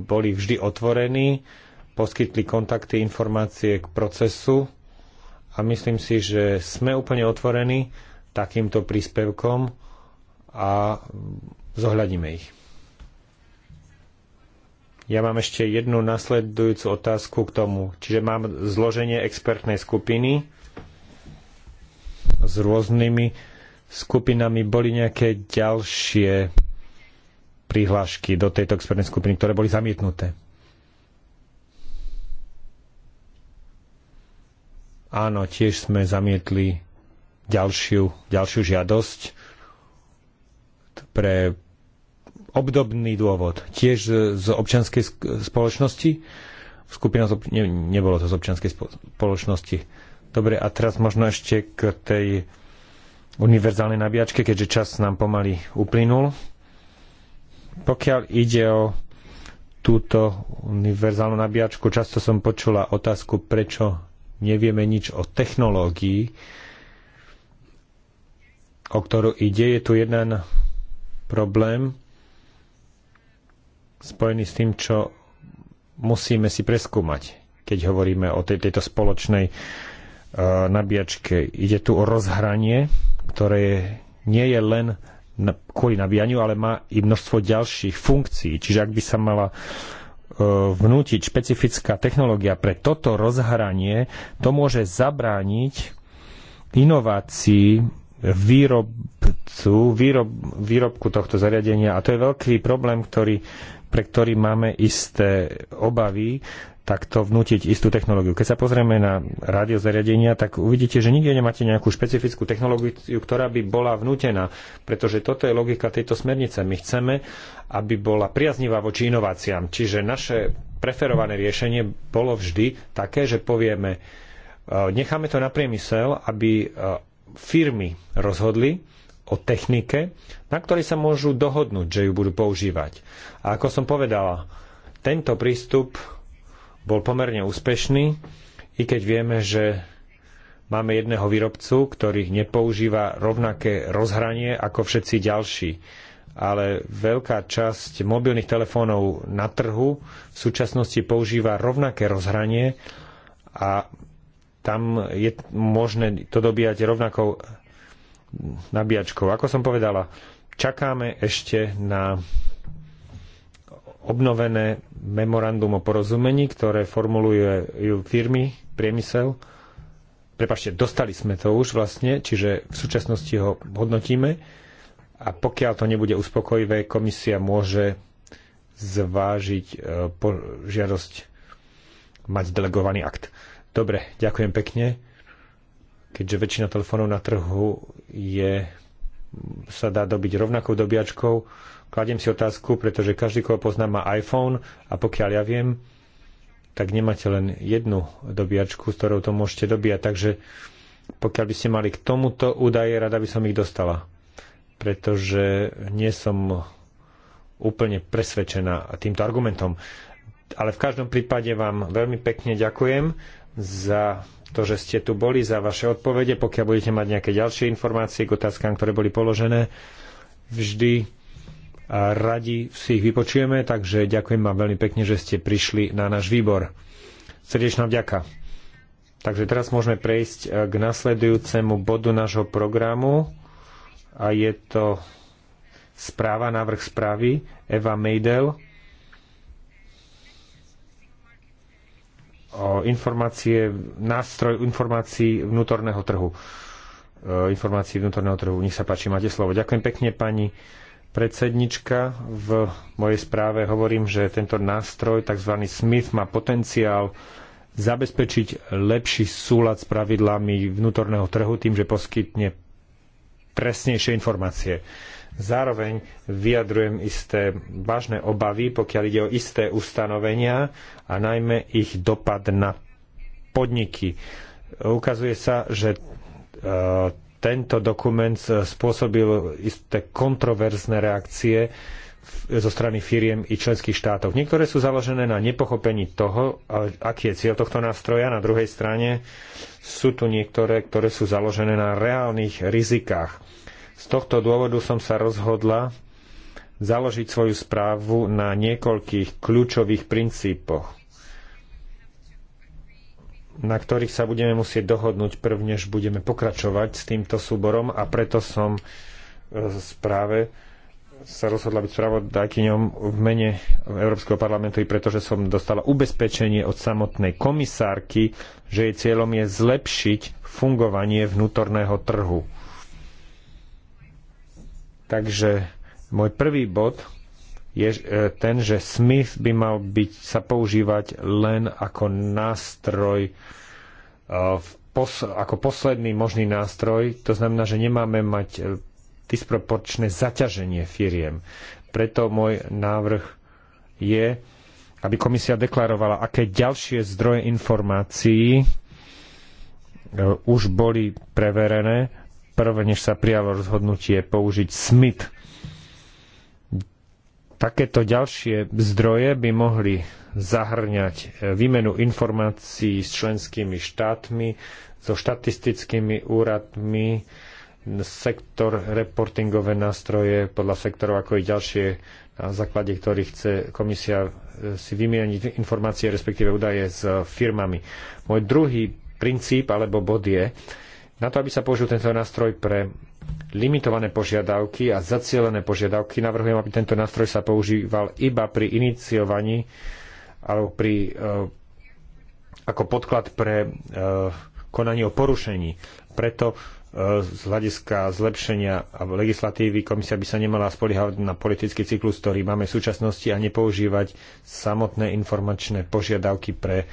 boli vždy otvorení, poskytli kontakty, informácie k procesu a myslím si, že sme úplne otvorení takýmto príspevkom a zohľadíme ich. Ja mám ešte jednu nasledujúcu otázku k tomu. Čiže mám zloženie expertnej skupiny s rôznymi skupinami. Boli nejaké ďalšie prihlášky do tejto expertnej skupiny, ktoré boli zamietnuté? Áno, tiež sme zamietli ďalšiu, ďalšiu žiadosť pre obdobný dôvod. Tiež z občianskej spoločnosti. Skupina, z ob... ne, nebolo to z občianskej spoločnosti. Dobre, a teraz možno ešte k tej univerzálnej nabíjačke, keďže čas nám pomaly uplynul. Pokiaľ ide o túto univerzálnu nabíjačku, často som počula otázku, prečo nevieme nič o technológii, o ktorú ide. Je tu jeden problém spojený s tým, čo musíme si preskúmať, keď hovoríme o tej, tejto spoločnej uh, nabíjačke. Ide tu o rozhranie, ktoré je, nie je len kvôli nabíjaniu, ale má i množstvo ďalších funkcií. Čiže ak by sa mala uh, E, vnútiť špecifická technológia pre toto rozhranie, to môže zabrániť inovácii výrobcu, výrob, výrobku tohto zariadenia. A to je veľký problém, ktorý, pre ktorý máme isté obavy, takto vnútiť istú technológiu. Keď sa pozrieme na radiozariadenia, tak uvidíte, že nikde nemáte nejakú špecifickú technológiu, ktorá by bola vnútená, pretože toto je logika tejto smernice. My chceme, aby bola priaznivá voči inováciám. Čiže naše preferované riešenie bolo vždy také, že povieme, e, necháme to na priemysel, aby e, firmy rozhodli, o technike, na ktorej sa môžu dohodnúť, že ju budú používať. A ako som povedala, tento prístup bol pomerne úspešný, i keď vieme, že máme jedného výrobcu, ktorý nepoužíva rovnaké rozhranie ako všetci ďalší. Ale veľká časť mobilných telefónov na trhu v súčasnosti používa rovnaké rozhranie a tam je možné to dobíjať rovnakou nabíjačkou. Ako som povedala, čakáme ešte na obnovené memorandum o porozumení, ktoré formuluje firmy, priemysel. Prepašte, dostali sme to už vlastne, čiže v súčasnosti ho hodnotíme a pokiaľ to nebude uspokojivé, komisia môže zvážiť e, žiadosť mať delegovaný akt. Dobre, ďakujem pekne. Keďže väčšina telefónov na trhu je, sa dá dobiť rovnakou dobiačkou, Kladiem si otázku, pretože každý, koho poznám, má iPhone a pokiaľ ja viem, tak nemáte len jednu dobíjačku, s ktorou to môžete dobíjať. Takže pokiaľ by ste mali k tomuto údaje, rada by som ich dostala. Pretože nie som úplne presvedčená týmto argumentom. Ale v každom prípade vám veľmi pekne ďakujem za to, že ste tu boli, za vaše odpovede. Pokiaľ budete mať nejaké ďalšie informácie k otázkám, ktoré boli položené, vždy Radi si ich vypočujeme, takže ďakujem vám veľmi pekne, že ste prišli na náš výbor. Srdečná vďaka. Takže teraz môžeme prejsť e, k nasledujúcemu bodu nášho programu a je to správa, návrh správy Eva Meidel o informácie, nástroj informácií vnútorného trhu e, informácií vnútorného trhu. Nech sa páči, máte slovo. Ďakujem pekne, pani predsednička. V mojej správe hovorím, že tento nástroj, tzv. Smith, má potenciál zabezpečiť lepší súlad s pravidlami vnútorného trhu tým, že poskytne presnejšie informácie. Zároveň vyjadrujem isté vážne obavy, pokiaľ ide o isté ustanovenia a najmä ich dopad na podniky. Ukazuje sa, že e, tento dokument spôsobil isté kontroverzné reakcie zo strany firiem i členských štátov. Niektoré sú založené na nepochopení toho, aký je cieľ tohto nástroja. Na druhej strane sú tu niektoré, ktoré sú založené na reálnych rizikách. Z tohto dôvodu som sa rozhodla založiť svoju správu na niekoľkých kľúčových princípoch na ktorých sa budeme musieť dohodnúť prvnež budeme pokračovať s týmto súborom a preto som e, správe sa rozhodla byť spravodajkyňom v mene Európskeho parlamentu i pretože som dostala ubezpečenie od samotnej komisárky, že jej cieľom je zlepšiť fungovanie vnútorného trhu. Takže môj prvý bod je e, ten, že Smith by mal byť, sa používať len ako nástroj, e, pos, ako posledný možný nástroj. To znamená, že nemáme mať e, disproporčné zaťaženie firiem. Preto môj návrh je, aby komisia deklarovala, aké ďalšie zdroje informácií už boli preverené, prvé než sa prijalo rozhodnutie použiť SMIT Takéto ďalšie zdroje by mohli zahrňať e, výmenu informácií s členskými štátmi, so štatistickými úradmi, sektor reportingové nástroje podľa sektorov, ako i ďalšie, na základe ktorých chce komisia e, si vymieniť informácie, respektíve údaje s e, firmami. Môj druhý princíp alebo bod je, na to, aby sa použil tento nástroj pre limitované požiadavky a zacielené požiadavky. Navrhujem, aby tento nástroj sa používal iba pri iniciovaní alebo pri, eh, ako podklad pre eh, konanie o porušení. Preto eh, z hľadiska zlepšenia legislatívy komisia by sa nemala spoliehať na politický cyklus, ktorý máme v súčasnosti a nepoužívať samotné informačné požiadavky pre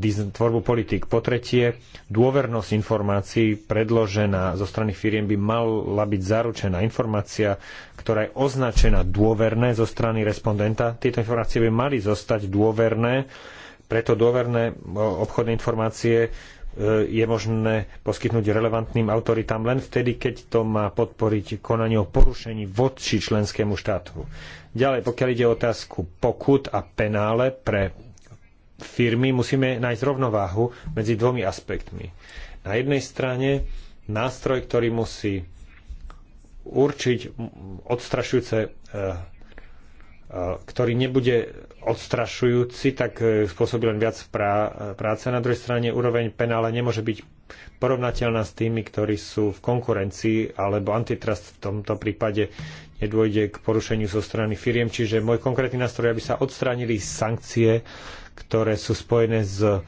tvorbu politik. Po tretie, dôvernosť informácií predložená zo strany firiem by mala byť zaručená informácia, ktorá je označená dôverné zo strany respondenta. Tieto informácie by mali zostať dôverné, preto dôverné obchodné informácie e, je možné poskytnúť relevantným autoritám len vtedy, keď to má podporiť konanie o porušení voči členskému štátu. Ďalej, pokiaľ ide o otázku pokut a penále pre firmy musíme nájsť rovnováhu medzi dvomi aspektmi. Na jednej strane nástroj, ktorý musí určiť odstrašujúce, e, e, ktorý nebude odstrašujúci, tak e, spôsobí len viac práce. Na druhej strane úroveň penále nemôže byť porovnateľná s tými, ktorí sú v konkurencii, alebo antitrust v tomto prípade nedôjde k porušeniu zo strany firiem. Čiže môj konkrétny nástroj, aby sa odstránili sankcie, ktoré sú spojené s e,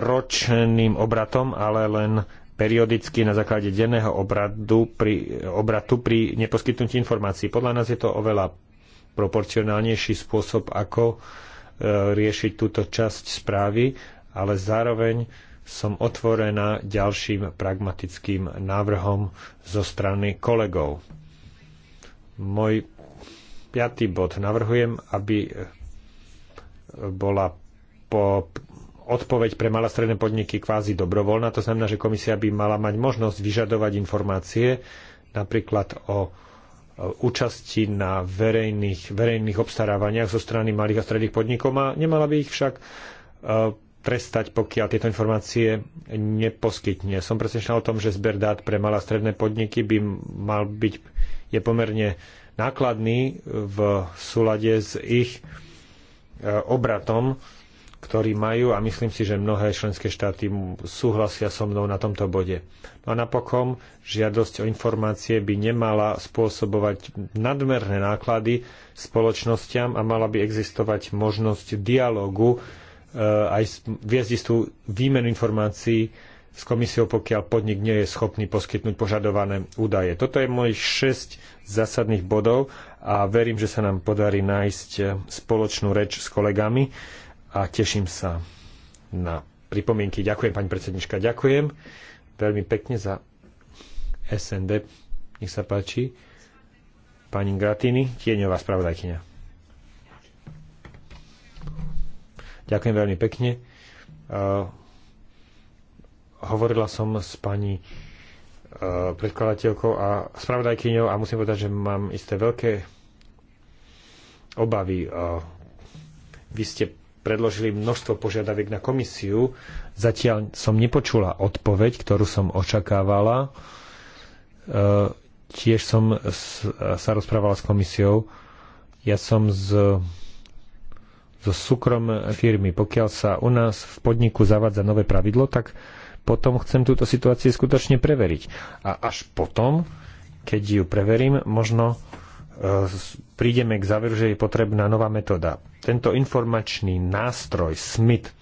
ročným obratom, ale len periodicky na základe denného obradu pri, obratu pri neposkytnutí informácií. Podľa nás je to oveľa proporcionálnejší spôsob, ako e, riešiť túto časť správy, ale zároveň som otvorená ďalším pragmatickým návrhom zo strany kolegov. Môj piatý bod navrhujem, aby bola po odpoveď pre malé stredné podniky kvázi dobrovoľná. To znamená, že komisia by mala mať možnosť vyžadovať informácie napríklad o účasti na verejných, verejných obstarávaniach zo strany malých a stredných podnikov a nemala by ich však e, trestať, pokiaľ tieto informácie neposkytne. Som presvedčený o tom, že zber dát pre malé a stredné podniky by mal byť, je pomerne nákladný v súlade s ich e, obratom, ktorý majú a myslím si, že mnohé členské štáty súhlasia so mnou na tomto bode. No A napokon žiadosť o informácie by nemala spôsobovať nadmerné náklady spoločnosťam a mala by existovať možnosť dialogu Eh, aj viesť istú výmenu informácií s komisiou, pokiaľ podnik nie je schopný poskytnúť požadované údaje. Toto je mojich 6 zásadných bodov a verím, že sa nám podarí nájsť eh, spoločnú reč s kolegami a teším sa na pripomienky. Ďakujem, pani predsednička, ďakujem veľmi pekne za SND. Nech sa páči. Pani Gratini, tieňová spravodajkyňa. Ďakujem veľmi pekne. Uh, hovorila som s pani uh, predkladateľkou a spravodajkyňou a musím povedať, že mám isté veľké obavy. Uh, vy ste predložili množstvo požiadaviek na komisiu. Zatiaľ som nepočula odpoveď, ktorú som očakávala. Tiež som sa rozprávala s komisiou. Ja som z zo súkrom firmy. Pokiaľ sa u nás v podniku zavádza nové pravidlo, tak potom chcem túto situáciu skutočne preveriť. A až potom, keď ju preverím, možno e, prídeme k záveru, že je potrebná nová metóda. Tento informačný nástroj SMIT, e,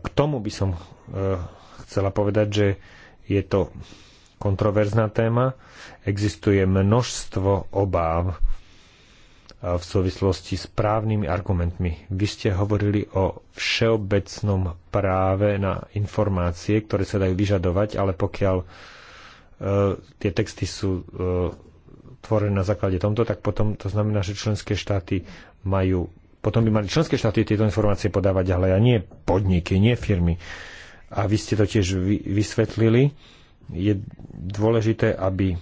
k tomu by som e, chcela povedať, že je to kontroverzná téma. Existuje množstvo obáv v súvislosti s právnymi argumentmi. Vy ste hovorili o všeobecnom práve na informácie, ktoré sa dajú vyžadovať, ale pokiaľ e, tie texty sú e, tvorené na základe tomto, tak potom to znamená, že členské štáty majú potom by mali členské štáty tieto informácie podávať ďalej a nie podniky, nie firmy. A vy ste to tiež vysvetlili. Je dôležité, aby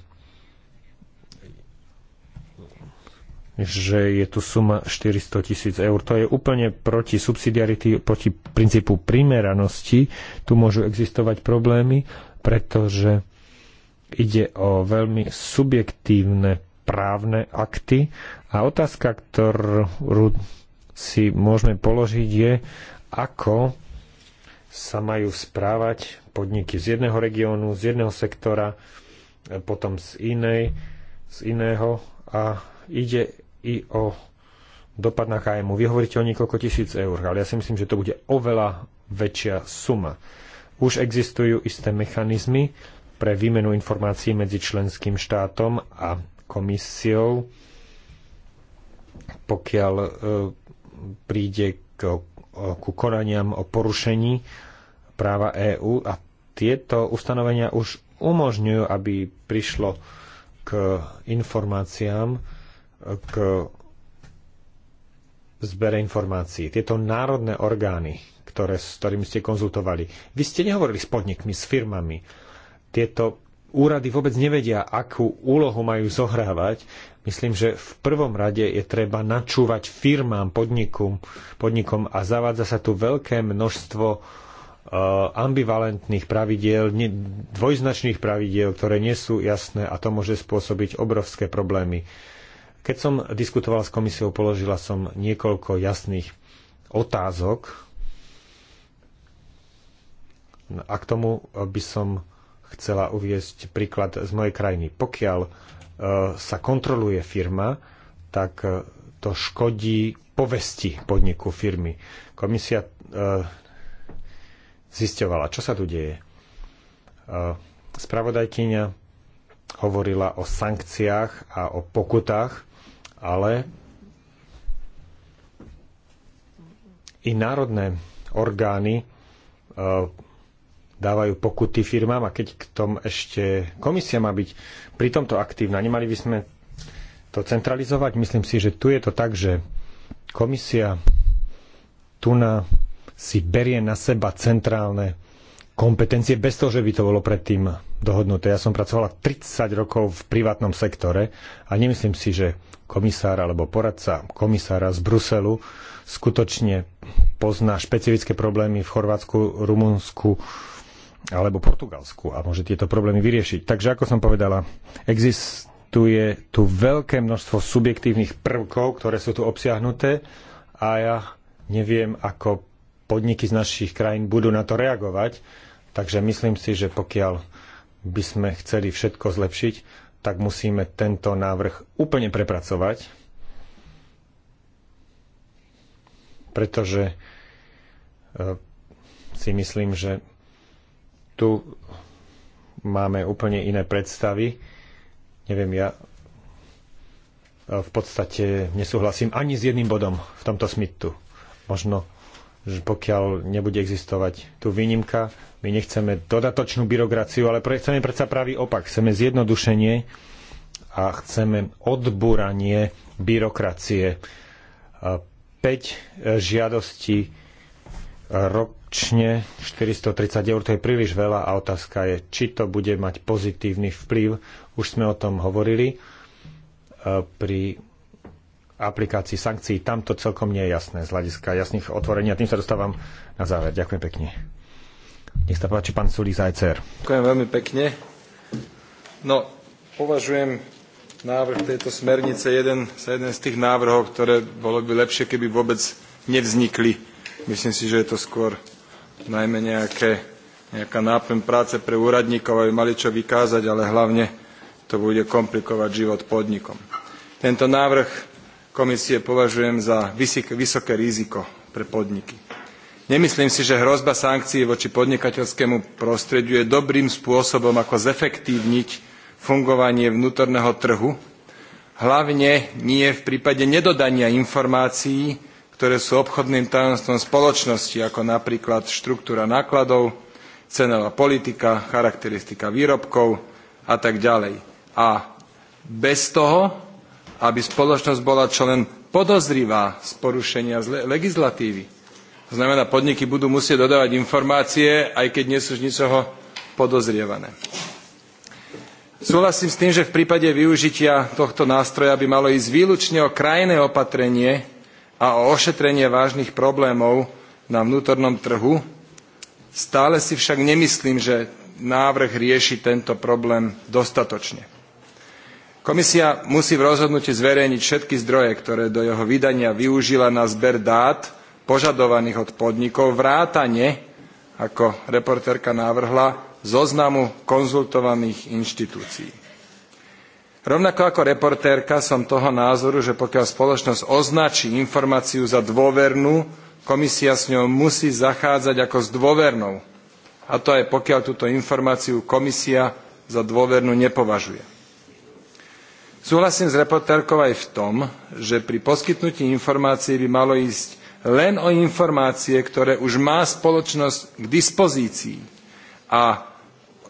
že je tu suma 400 tisíc eur. To je úplne proti subsidiarity, proti princípu primeranosti. Tu môžu existovať problémy, pretože ide o veľmi subjektívne právne akty a otázka, ktorú si môžeme položiť je, ako sa majú správať podniky z jedného regiónu, z jedného sektora, potom z inej, z iného a ide i o dopad na KMU. Vy hovoríte o niekoľko tisíc eur, ale ja si myslím, že to bude oveľa väčšia suma. Už existujú isté mechanizmy pre výmenu informácií medzi členským štátom a komisiou, pokiaľ e, príde k, ku konaniam o porušení práva EÚ a tieto ustanovenia už umožňujú, aby prišlo k informáciám, k zbere informácií. Tieto národné orgány, ktoré, s ktorými ste konzultovali, vy ste nehovorili s podnikmi, s firmami. Tieto úrady vôbec nevedia, akú úlohu majú zohrávať. Myslím, že v prvom rade je treba načúvať firmám, podnikom, podnikom a zavádza sa tu veľké množstvo uh, ambivalentných pravidiel, dvojznačných pravidiel, ktoré nie sú jasné a to môže spôsobiť obrovské problémy keď som diskutoval s komisiou, položila som niekoľko jasných otázok. A k tomu by som chcela uviesť príklad z mojej krajiny. Pokiaľ e, sa kontroluje firma, tak e, to škodí povesti podniku firmy. Komisia zistovala, e, zisťovala, čo sa tu deje. E, spravodajkyňa hovorila o sankciách a o pokutách ale i národné orgány e, dávajú pokuty firmám a keď k tom ešte komisia má byť pri tomto aktívna, nemali by sme to centralizovať. Myslím si, že tu je to tak, že komisia tu na si berie na seba centrálne kompetencie bez toho, že by to bolo predtým dohodnuté. Ja som pracovala 30 rokov v privátnom sektore a nemyslím si, že komisár alebo poradca komisára z Bruselu skutočne pozná špecifické problémy v Chorvátsku, Rumunsku alebo Portugalsku a môže tieto problémy vyriešiť. Takže ako som povedala, existuje tu veľké množstvo subjektívnych prvkov, ktoré sú tu obsiahnuté a ja neviem, ako podniky z našich krajín budú na to reagovať. Takže myslím si, že pokiaľ by sme chceli všetko zlepšiť, tak musíme tento návrh úplne prepracovať, pretože e, si myslím, že tu máme úplne iné predstavy. Neviem, ja e, v podstate nesúhlasím ani s jedným bodom v tomto smitu. Možno, že pokiaľ nebude existovať tu výnimka, my nechceme dodatočnú byrokraciu, ale chceme predsa pravý opak. Chceme zjednodušenie a chceme odbúranie byrokracie. 5 e, žiadostí e, ročne 430 eur, to je príliš veľa a otázka je, či to bude mať pozitívny vplyv. Už sme o tom hovorili e, pri aplikácii sankcií. Tam to celkom nie je jasné z hľadiska jasných otvorení a tým sa dostávam na záver. Ďakujem pekne. Nech sa páči, pán Sulík Zajcer. Ďakujem veľmi pekne. No, považujem návrh tejto smernice jeden, za jeden z tých návrhov, ktoré bolo by lepšie, keby vôbec nevznikli. Myslím si, že je to skôr najmä nejaké, nejaká náplň práce pre úradníkov, aby mali čo vykázať, ale hlavne to bude komplikovať život podnikom. Tento návrh komisie považujem za vysoké riziko pre podniky. Nemyslím si, že hrozba sankcií voči podnikateľskému prostrediu je dobrým spôsobom, ako zefektívniť fungovanie vnútorného trhu, hlavne nie v prípade nedodania informácií, ktoré sú obchodným tajomstvom spoločnosti, ako napríklad štruktúra nákladov, cenová politika, charakteristika výrobkov a tak ďalej. A bez toho, aby spoločnosť bola čo len podozrivá z porušenia legislatívy, to znamená, podniky budú musieť dodávať informácie, aj keď nie sú z ničoho podozrievané. Súhlasím s tým, že v prípade využitia tohto nástroja by malo ísť výlučne o krajné opatrenie a o ošetrenie vážnych problémov na vnútornom trhu. Stále si však nemyslím, že návrh rieši tento problém dostatočne. Komisia musí v rozhodnutí zverejniť všetky zdroje, ktoré do jeho vydania využila na zber dát požadovaných od podnikov, vrátane, ako reportérka navrhla, zoznamu konzultovaných inštitúcií. Rovnako ako reportérka som toho názoru, že pokiaľ spoločnosť označí informáciu za dôvernú, komisia s ňou musí zachádzať ako s dôvernou. A to aj pokiaľ túto informáciu komisia za dôvernú nepovažuje. Súhlasím s reportérkou aj v tom, že pri poskytnutí informácií by malo ísť len o informácie, ktoré už má spoločnosť k dispozícii. A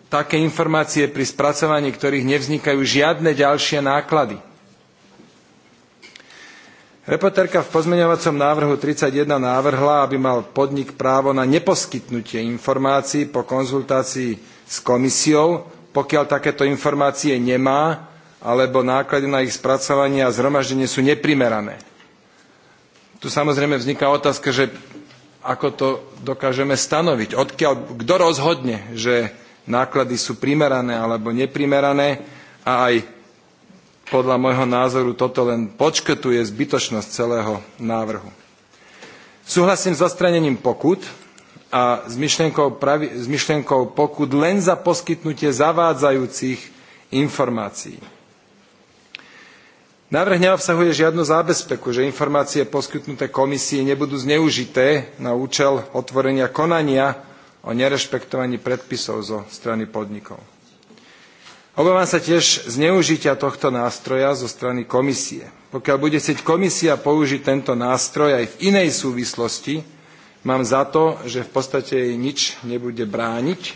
také informácie, pri spracovaní ktorých nevznikajú žiadne ďalšie náklady. Reportérka v pozmeňovacom návrhu 31 návrhla, aby mal podnik právo na neposkytnutie informácií po konzultácii s komisiou, pokiaľ takéto informácie nemá, alebo náklady na ich spracovanie a zhromaždenie sú neprimerané tu samozrejme vzniká otázka, že ako to dokážeme stanoviť. Odkiaľ, kto rozhodne, že náklady sú primerané alebo neprimerané a aj podľa môjho názoru toto len počkotuje zbytočnosť celého návrhu. Súhlasím s odstranením pokut a s myšlienkou, pravi, s myšlienkou pokut len za poskytnutie zavádzajúcich informácií. Návrh neobsahuje žiadnu zábezpeku, že informácie poskytnuté komisii nebudú zneužité na účel otvorenia konania o nerešpektovaní predpisov zo strany podnikov. Obávam sa tiež zneužitia tohto nástroja zo strany komisie. Pokiaľ bude chcieť komisia použiť tento nástroj aj v inej súvislosti, mám za to, že v podstate jej nič nebude brániť.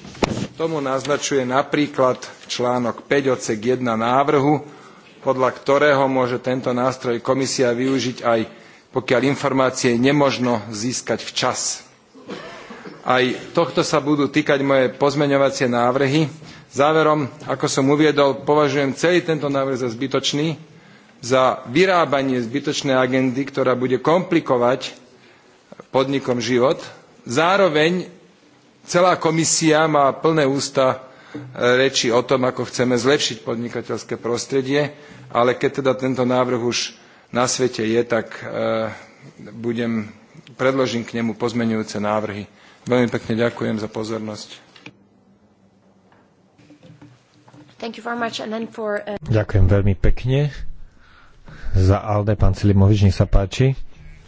Tomu naznačuje napríklad článok 5 odsek 1 návrhu, podľa ktorého môže tento nástroj komisia využiť aj pokiaľ informácie nemožno získať včas. Aj tohto sa budú týkať moje pozmeňovacie návrhy. Záverom, ako som uviedol, považujem celý tento návrh za zbytočný, za vyrábanie zbytočnej agendy, ktorá bude komplikovať podnikom život. Zároveň celá komisia má plné ústa reči o tom, ako chceme zlepšiť podnikateľské prostredie, ale keď teda tento návrh už na svete je, tak e, budem, predložím k nemu pozmenujúce návrhy. Veľmi pekne ďakujem za pozornosť. Uh, ďakujem veľmi pekne. Za Alde, pán Silimovič, nech sa páči.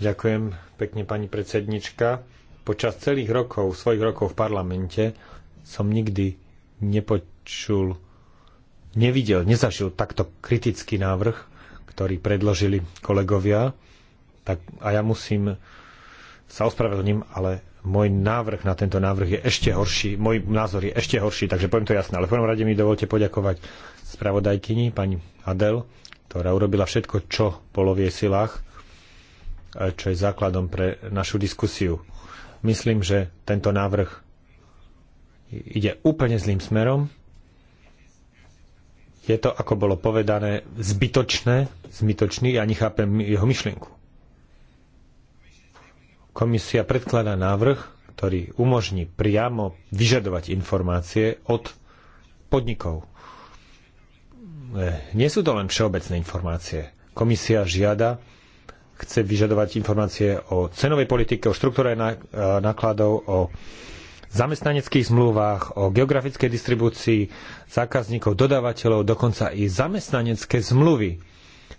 Ďakujem pekne, pani predsednička. Počas celých rokov, svojich rokov v parlamente, som nikdy nepočul, nevidel, nezažil takto kritický návrh, ktorý predložili kolegovia. Tak, a ja musím sa ospravedlním, ale môj návrh na tento návrh je ešte horší, môj názor je ešte horší, takže poviem to jasne. Ale v prvom rade mi dovolte poďakovať spravodajkyni, pani Adel, ktorá urobila všetko, čo bolo v jej silách, eh, čo je základom pre našu diskusiu. Myslím, že tento návrh ide úplne zlým smerom. Je to, ako bolo povedané, zbytočné, zbytočný, ja nechápem jeho myšlienku. Komisia predkladá návrh, ktorý umožní priamo vyžadovať informácie od podnikov. E, nie sú to len všeobecné informácie. Komisia žiada, chce vyžadovať informácie o cenovej politike, o štruktúre e, nákladov, o zamestnaneckých zmluvách, o geografickej distribúcii zákazníkov, dodávateľov, dokonca i zamestnanecké zmluvy.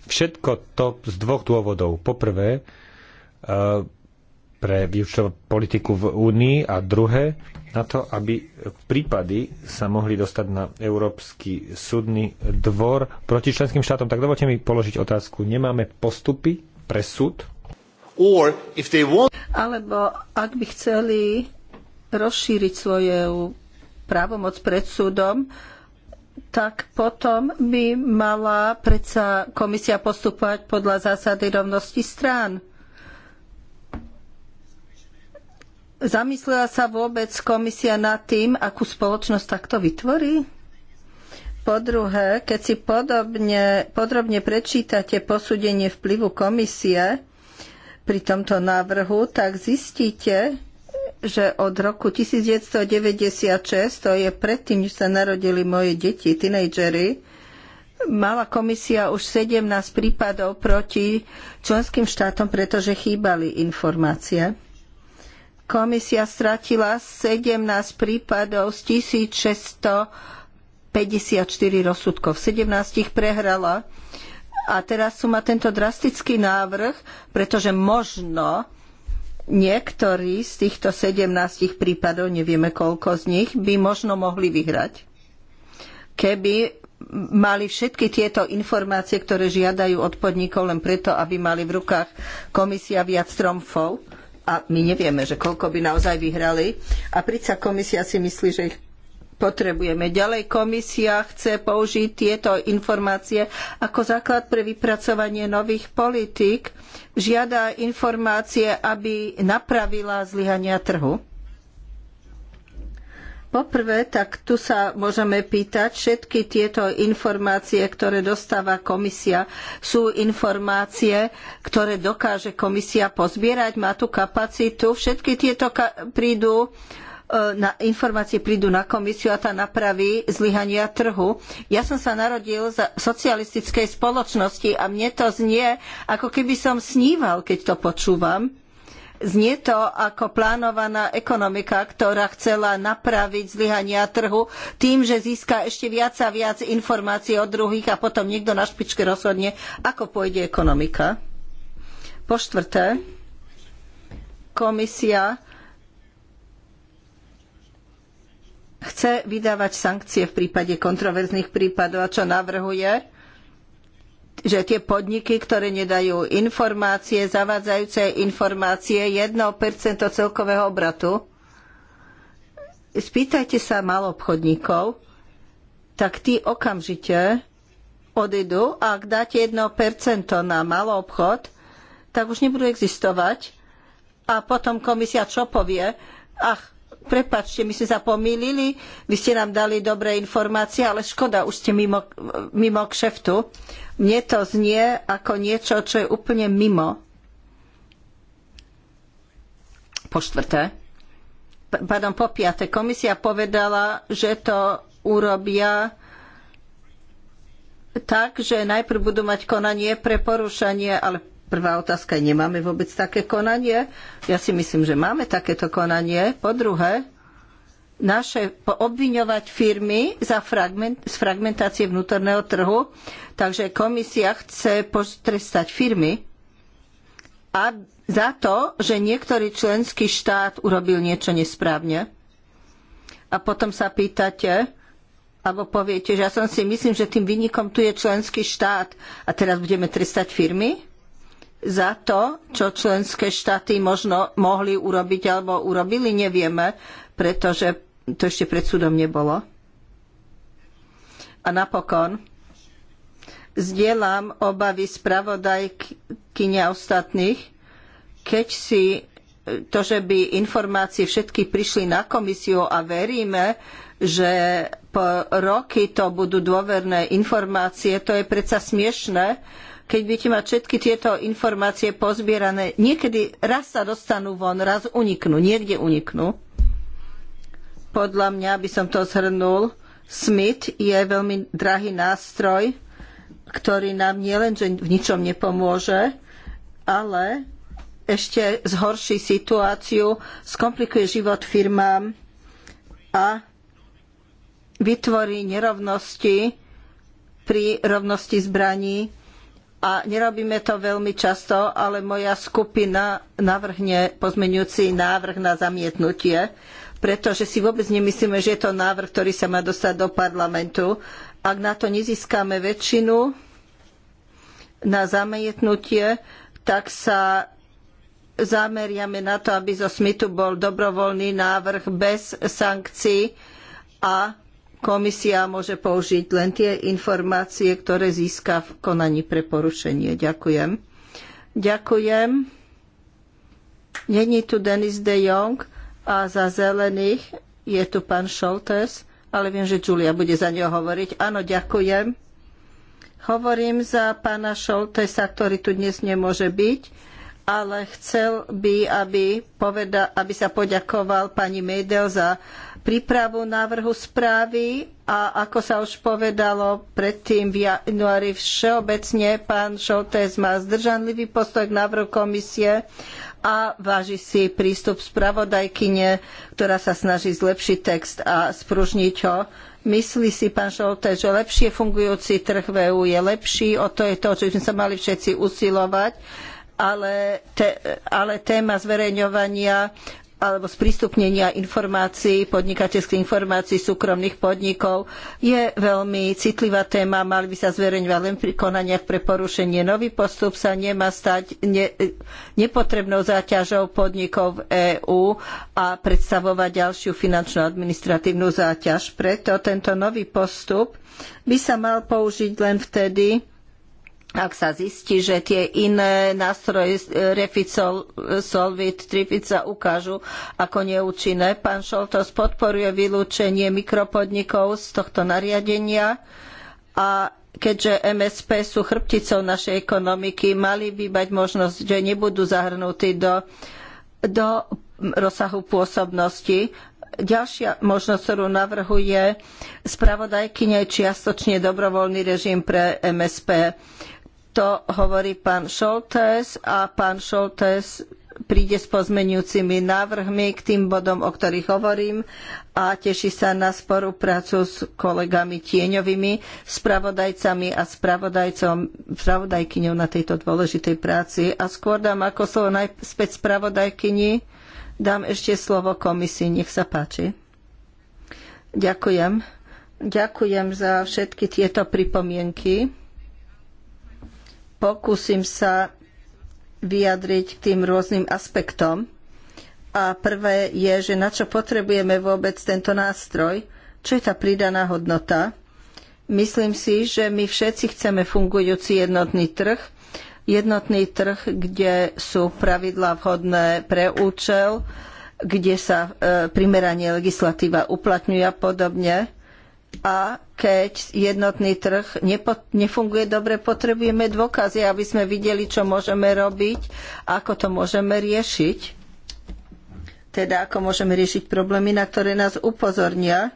Všetko to z dvoch dôvodov. Poprvé, e, pre výučtovú politiku v Únii a druhé, na to, aby prípady sa mohli dostať na Európsky súdny dvor proti členským štátom. Tak dovolte mi položiť otázku. Nemáme postupy pre súd alebo ak by chceli rozšíriť svoju právomoc pred súdom, tak potom by mala predsa komisia postupovať podľa zásady rovnosti strán. Zamyslela sa vôbec komisia nad tým, akú spoločnosť takto vytvorí? Po druhé, keď si podobne, podrobne prečítate posúdenie vplyvu komisie pri tomto návrhu, tak zistíte, že od roku 1996, to je predtým, než sa narodili moje deti, tínejdžery, mala komisia už 17 prípadov proti členským štátom, pretože chýbali informácie. Komisia stratila 17 prípadov z 1654 rozsudkov. 17 ich prehrala. A teraz sú ma tento drastický návrh, pretože možno niektorí z týchto 17 prípadov, nevieme koľko z nich, by možno mohli vyhrať. Keby mali všetky tieto informácie, ktoré žiadajú od podnikov len preto, aby mali v rukách komisia viac tromfov, a my nevieme, že koľko by naozaj vyhrali. A prica komisia si myslí, že ich potrebujeme. Ďalej komisia chce použiť tieto informácie ako základ pre vypracovanie nových politík. Žiada informácie, aby napravila zlyhania trhu. Poprvé, tak tu sa môžeme pýtať, všetky tieto informácie, ktoré dostáva komisia, sú informácie, ktoré dokáže komisia pozbierať, má tu kapacitu. Všetky tieto prídu E, na informácie prídu na komisiu a tá napraví zlyhania trhu. Ja som sa narodil za socialistickej spoločnosti a mne to znie, ako keby som sníval, keď to počúvam. Znie to ako plánovaná ekonomika, ktorá chcela napraviť zlyhania trhu tým, že získa ešte viac a viac informácií od druhých a potom niekto na špičke rozhodne, ako pôjde ekonomika. Po štvrté, komisia chce vydávať sankcie v prípade kontroverzných prípadov a čo navrhuje, že tie podniky, ktoré nedajú informácie, zavádzajúce informácie, 1% celkového obratu. Spýtajte sa maloobchodníkov, tak tí okamžite odídu a ak dáte 1% na maloobchod, tak už nebudú existovať. A potom komisia čo povie? Ach, prepačte, my sme sa pomýlili, vy ste nám dali dobré informácie, ale škoda, už ste mimo, mimo kšeftu. Mne to znie ako niečo, čo je úplne mimo. Po štvrté, pardon, po piaté, komisia povedala, že to urobia tak, že najprv budú mať konanie pre porušenie, ale Prvá otázka, nemáme vôbec také konanie? Ja si myslím, že máme takéto konanie. Po druhé, naše obviňovať firmy za fragment, z fragmentácie vnútorného trhu. Takže komisia chce potrestať firmy a za to, že niektorý členský štát urobil niečo nesprávne. A potom sa pýtate, alebo poviete, že ja som si myslím, že tým výnikom tu je členský štát a teraz budeme trestať firmy? za to, čo členské štáty možno mohli urobiť alebo urobili, nevieme, pretože to ešte pred súdom nebolo. A napokon zdieľam obavy spravodajkyne ostatných, keď si to, že by informácie všetky prišli na komisiu a veríme, že po roky to budú dôverné informácie, to je predsa smiešné, keď budete mať všetky tieto informácie pozbierané, niekedy raz sa dostanú von, raz uniknú, niekde uniknú. Podľa mňa by som to zhrnul. SMIT je veľmi drahý nástroj, ktorý nám nielenže v ničom nepomôže, ale ešte zhorší situáciu, skomplikuje život firmám a vytvorí nerovnosti pri rovnosti zbraní a nerobíme to veľmi často, ale moja skupina navrhne pozmeňujúci návrh na zamietnutie, pretože si vôbec nemyslíme, že je to návrh, ktorý sa má dostať do parlamentu. Ak na to nezískame väčšinu na zamietnutie, tak sa zameriame na to, aby zo Smitu bol dobrovoľný návrh bez sankcií a Komisia môže použiť len tie informácie, ktoré získa v konaní pre porušenie. Ďakujem. Ďakujem. Není tu Denis de Jong a za zelených je tu pán Šoltes, ale viem, že Julia bude za neho hovoriť. Áno, ďakujem. Hovorím za pána Šoltesa, ktorý tu dnes nemôže byť, ale chcel by, aby, poveda, aby sa poďakoval pani Medel za prípravu návrhu správy a ako sa už povedalo predtým v januári všeobecne, pán Šoltés má zdržanlivý postoj k návrhu komisie a váži si prístup spravodajkyne, ktorá sa snaží zlepšiť text a spružniť ho. Myslí si pán Šoltés, že lepšie fungujúci trh v EÚ je lepší, o to je to, čo sme sa mali všetci usilovať ale, te, ale téma zverejňovania alebo sprístupnenia informácií, podnikateľských informácií súkromných podnikov je veľmi citlivá téma, mali by sa zverejňovať len pri konaniach pre porušenie. Nový postup sa nemá stať ne, nepotrebnou záťažou podnikov v EÚ a predstavovať ďalšiu finančnú administratívnu záťaž. Preto tento nový postup by sa mal použiť len vtedy, ak sa zistí, že tie iné nástroje eh, Refit Solvit, trifica sa ukážu ako neúčinné. Pán Šoltos podporuje vylúčenie mikropodnikov z tohto nariadenia a keďže MSP sú chrbticou našej ekonomiky, mali by mať možnosť, že nebudú zahrnutí do, do rozsahu pôsobnosti ďalšia možnosť, ktorú navrhuje spravodajkyňa, je čiastočne dobrovoľný režim pre MSP. To hovorí pán Šoltes a pán Šoltes príde s pozmenujúcimi návrhmi k tým bodom, o ktorých hovorím a teší sa na spoluprácu s kolegami tieňovými, spravodajcami a spravodajcom, spravodajkyňou na tejto dôležitej práci. A skôr dám ako slovo najspäť spravodajkyni, dám ešte slovo komisii, nech sa páči. Ďakujem. Ďakujem za všetky tieto pripomienky. Pokúsim sa vyjadriť k tým rôznym aspektom. A prvé je, že na čo potrebujeme vôbec tento nástroj, čo je tá pridaná hodnota. Myslím si, že my všetci chceme fungujúci jednotný trh, jednotný trh, kde sú pravidlá vhodné pre účel, kde sa e, primeranie legislatíva uplatňuje a podobne a keď jednotný trh nefunguje dobre, potrebujeme dôkazy, aby sme videli, čo môžeme robiť, ako to môžeme riešiť. Teda ako môžeme riešiť problémy, na ktoré nás upozornia.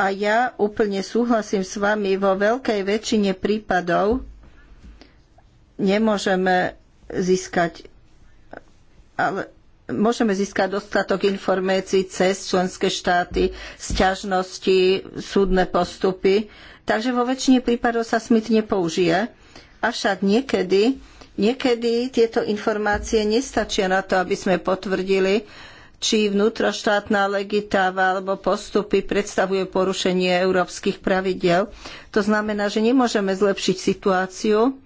A ja úplne súhlasím s vami, vo veľkej väčšine prípadov nemôžeme získať ale môžeme získať dostatok informácií cez členské štáty, sťažnosti, súdne postupy. Takže vo väčšine prípadov sa SMIT nepoužije. Avšak niekedy, niekedy tieto informácie nestačia na to, aby sme potvrdili, či vnútroštátna legitáva alebo postupy predstavuje porušenie európskych pravidel. To znamená, že nemôžeme zlepšiť situáciu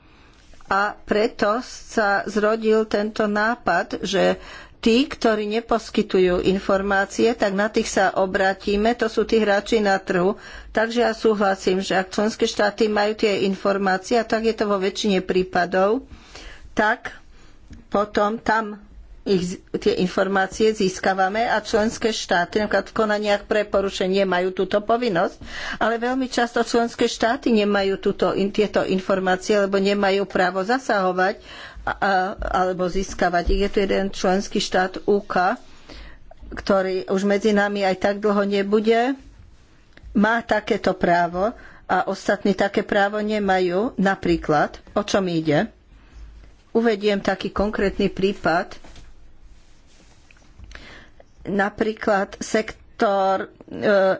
a preto sa zrodil tento nápad, že tí, ktorí neposkytujú informácie, tak na tých sa obratíme, to sú tí hráči na trhu. Takže ja súhlasím, že ak členské štáty majú tie informácie, a tak je to vo väčšine prípadov, tak potom tam ich, tie informácie získavame a členské štáty napríklad v konaniach pre porušenie majú túto povinnosť, ale veľmi často členské štáty nemajú túto, in, tieto informácie, lebo nemajú právo zasahovať alebo získavať ich. Je tu jeden členský štát UK, ktorý už medzi nami aj tak dlho nebude, má takéto právo a ostatní také právo nemajú. Napríklad, o čom ide? Uvediem taký konkrétny prípad. Napríklad sektor e,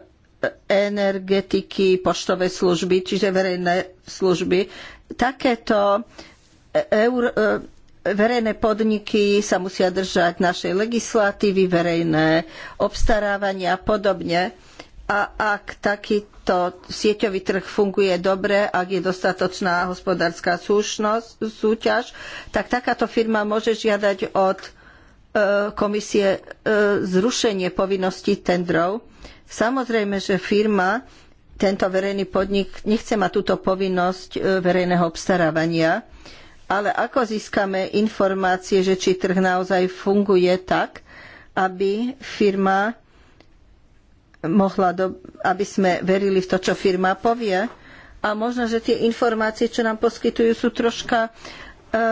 energetiky, poštové služby, čiže verejné služby. Takéto eur, e, verejné podniky sa musia držať našej legislatívy, verejné obstarávania a podobne. A ak takýto sieťový trh funguje dobre, ak je dostatočná hospodárska súšnosť, súťaž, tak takáto firma môže žiadať od e, komisie e, zrušenie povinností tendrov. Samozrejme, že firma, tento verejný podnik nechce mať túto povinnosť verejného obstarávania. E, ale ako získame informácie, že či trh naozaj funguje tak, aby firma mohla, do, aby sme verili v to, čo firma povie? A možno, že tie informácie, čo nám poskytujú, sú troška e, e,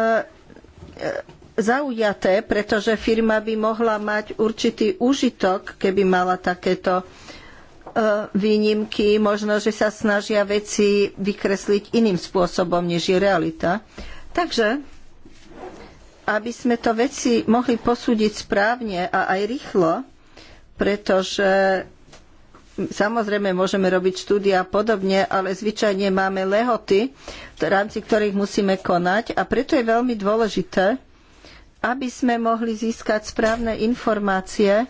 zaujaté, pretože firma by mohla mať určitý užitok, keby mala takéto e, výnimky. Možno, že sa snažia veci vykresliť iným spôsobom, než je realita. Takže, aby sme to veci mohli posúdiť správne a aj rýchlo, pretože samozrejme môžeme robiť štúdia a podobne, ale zvyčajne máme lehoty, v rámci ktorých musíme konať a preto je veľmi dôležité, aby sme mohli získať správne informácie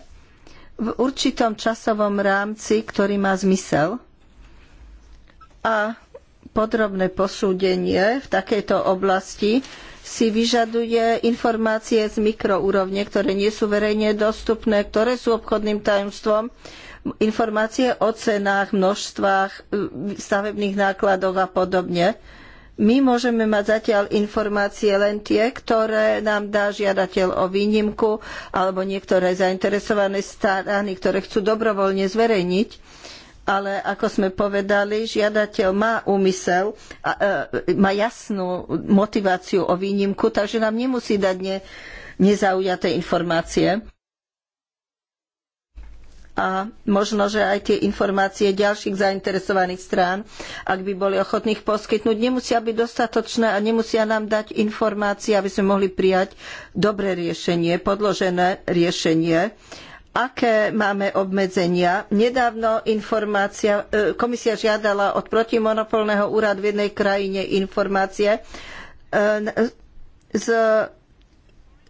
v určitom časovom rámci, ktorý má zmysel. A podrobné posúdenie v takejto oblasti si vyžaduje informácie z mikroúrovne, ktoré nie sú verejne dostupné, ktoré sú obchodným tajomstvom, informácie o cenách, množstvách, stavebných nákladoch a podobne. My môžeme mať zatiaľ informácie len tie, ktoré nám dá žiadateľ o výnimku alebo niektoré zainteresované strany, ktoré chcú dobrovoľne zverejniť ale ako sme povedali, žiadateľ má úmysel, e, má jasnú motiváciu o výnimku, takže nám nemusí dať ne, nezaujaté informácie. A možno, že aj tie informácie ďalších zainteresovaných strán, ak by boli ochotných poskytnúť, nemusia byť dostatočné a nemusia nám dať informácie, aby sme mohli prijať dobré riešenie, podložené riešenie aké máme obmedzenia. Nedávno informácia, e, komisia žiadala od protimonopolného úradu v jednej krajine informácie e, z,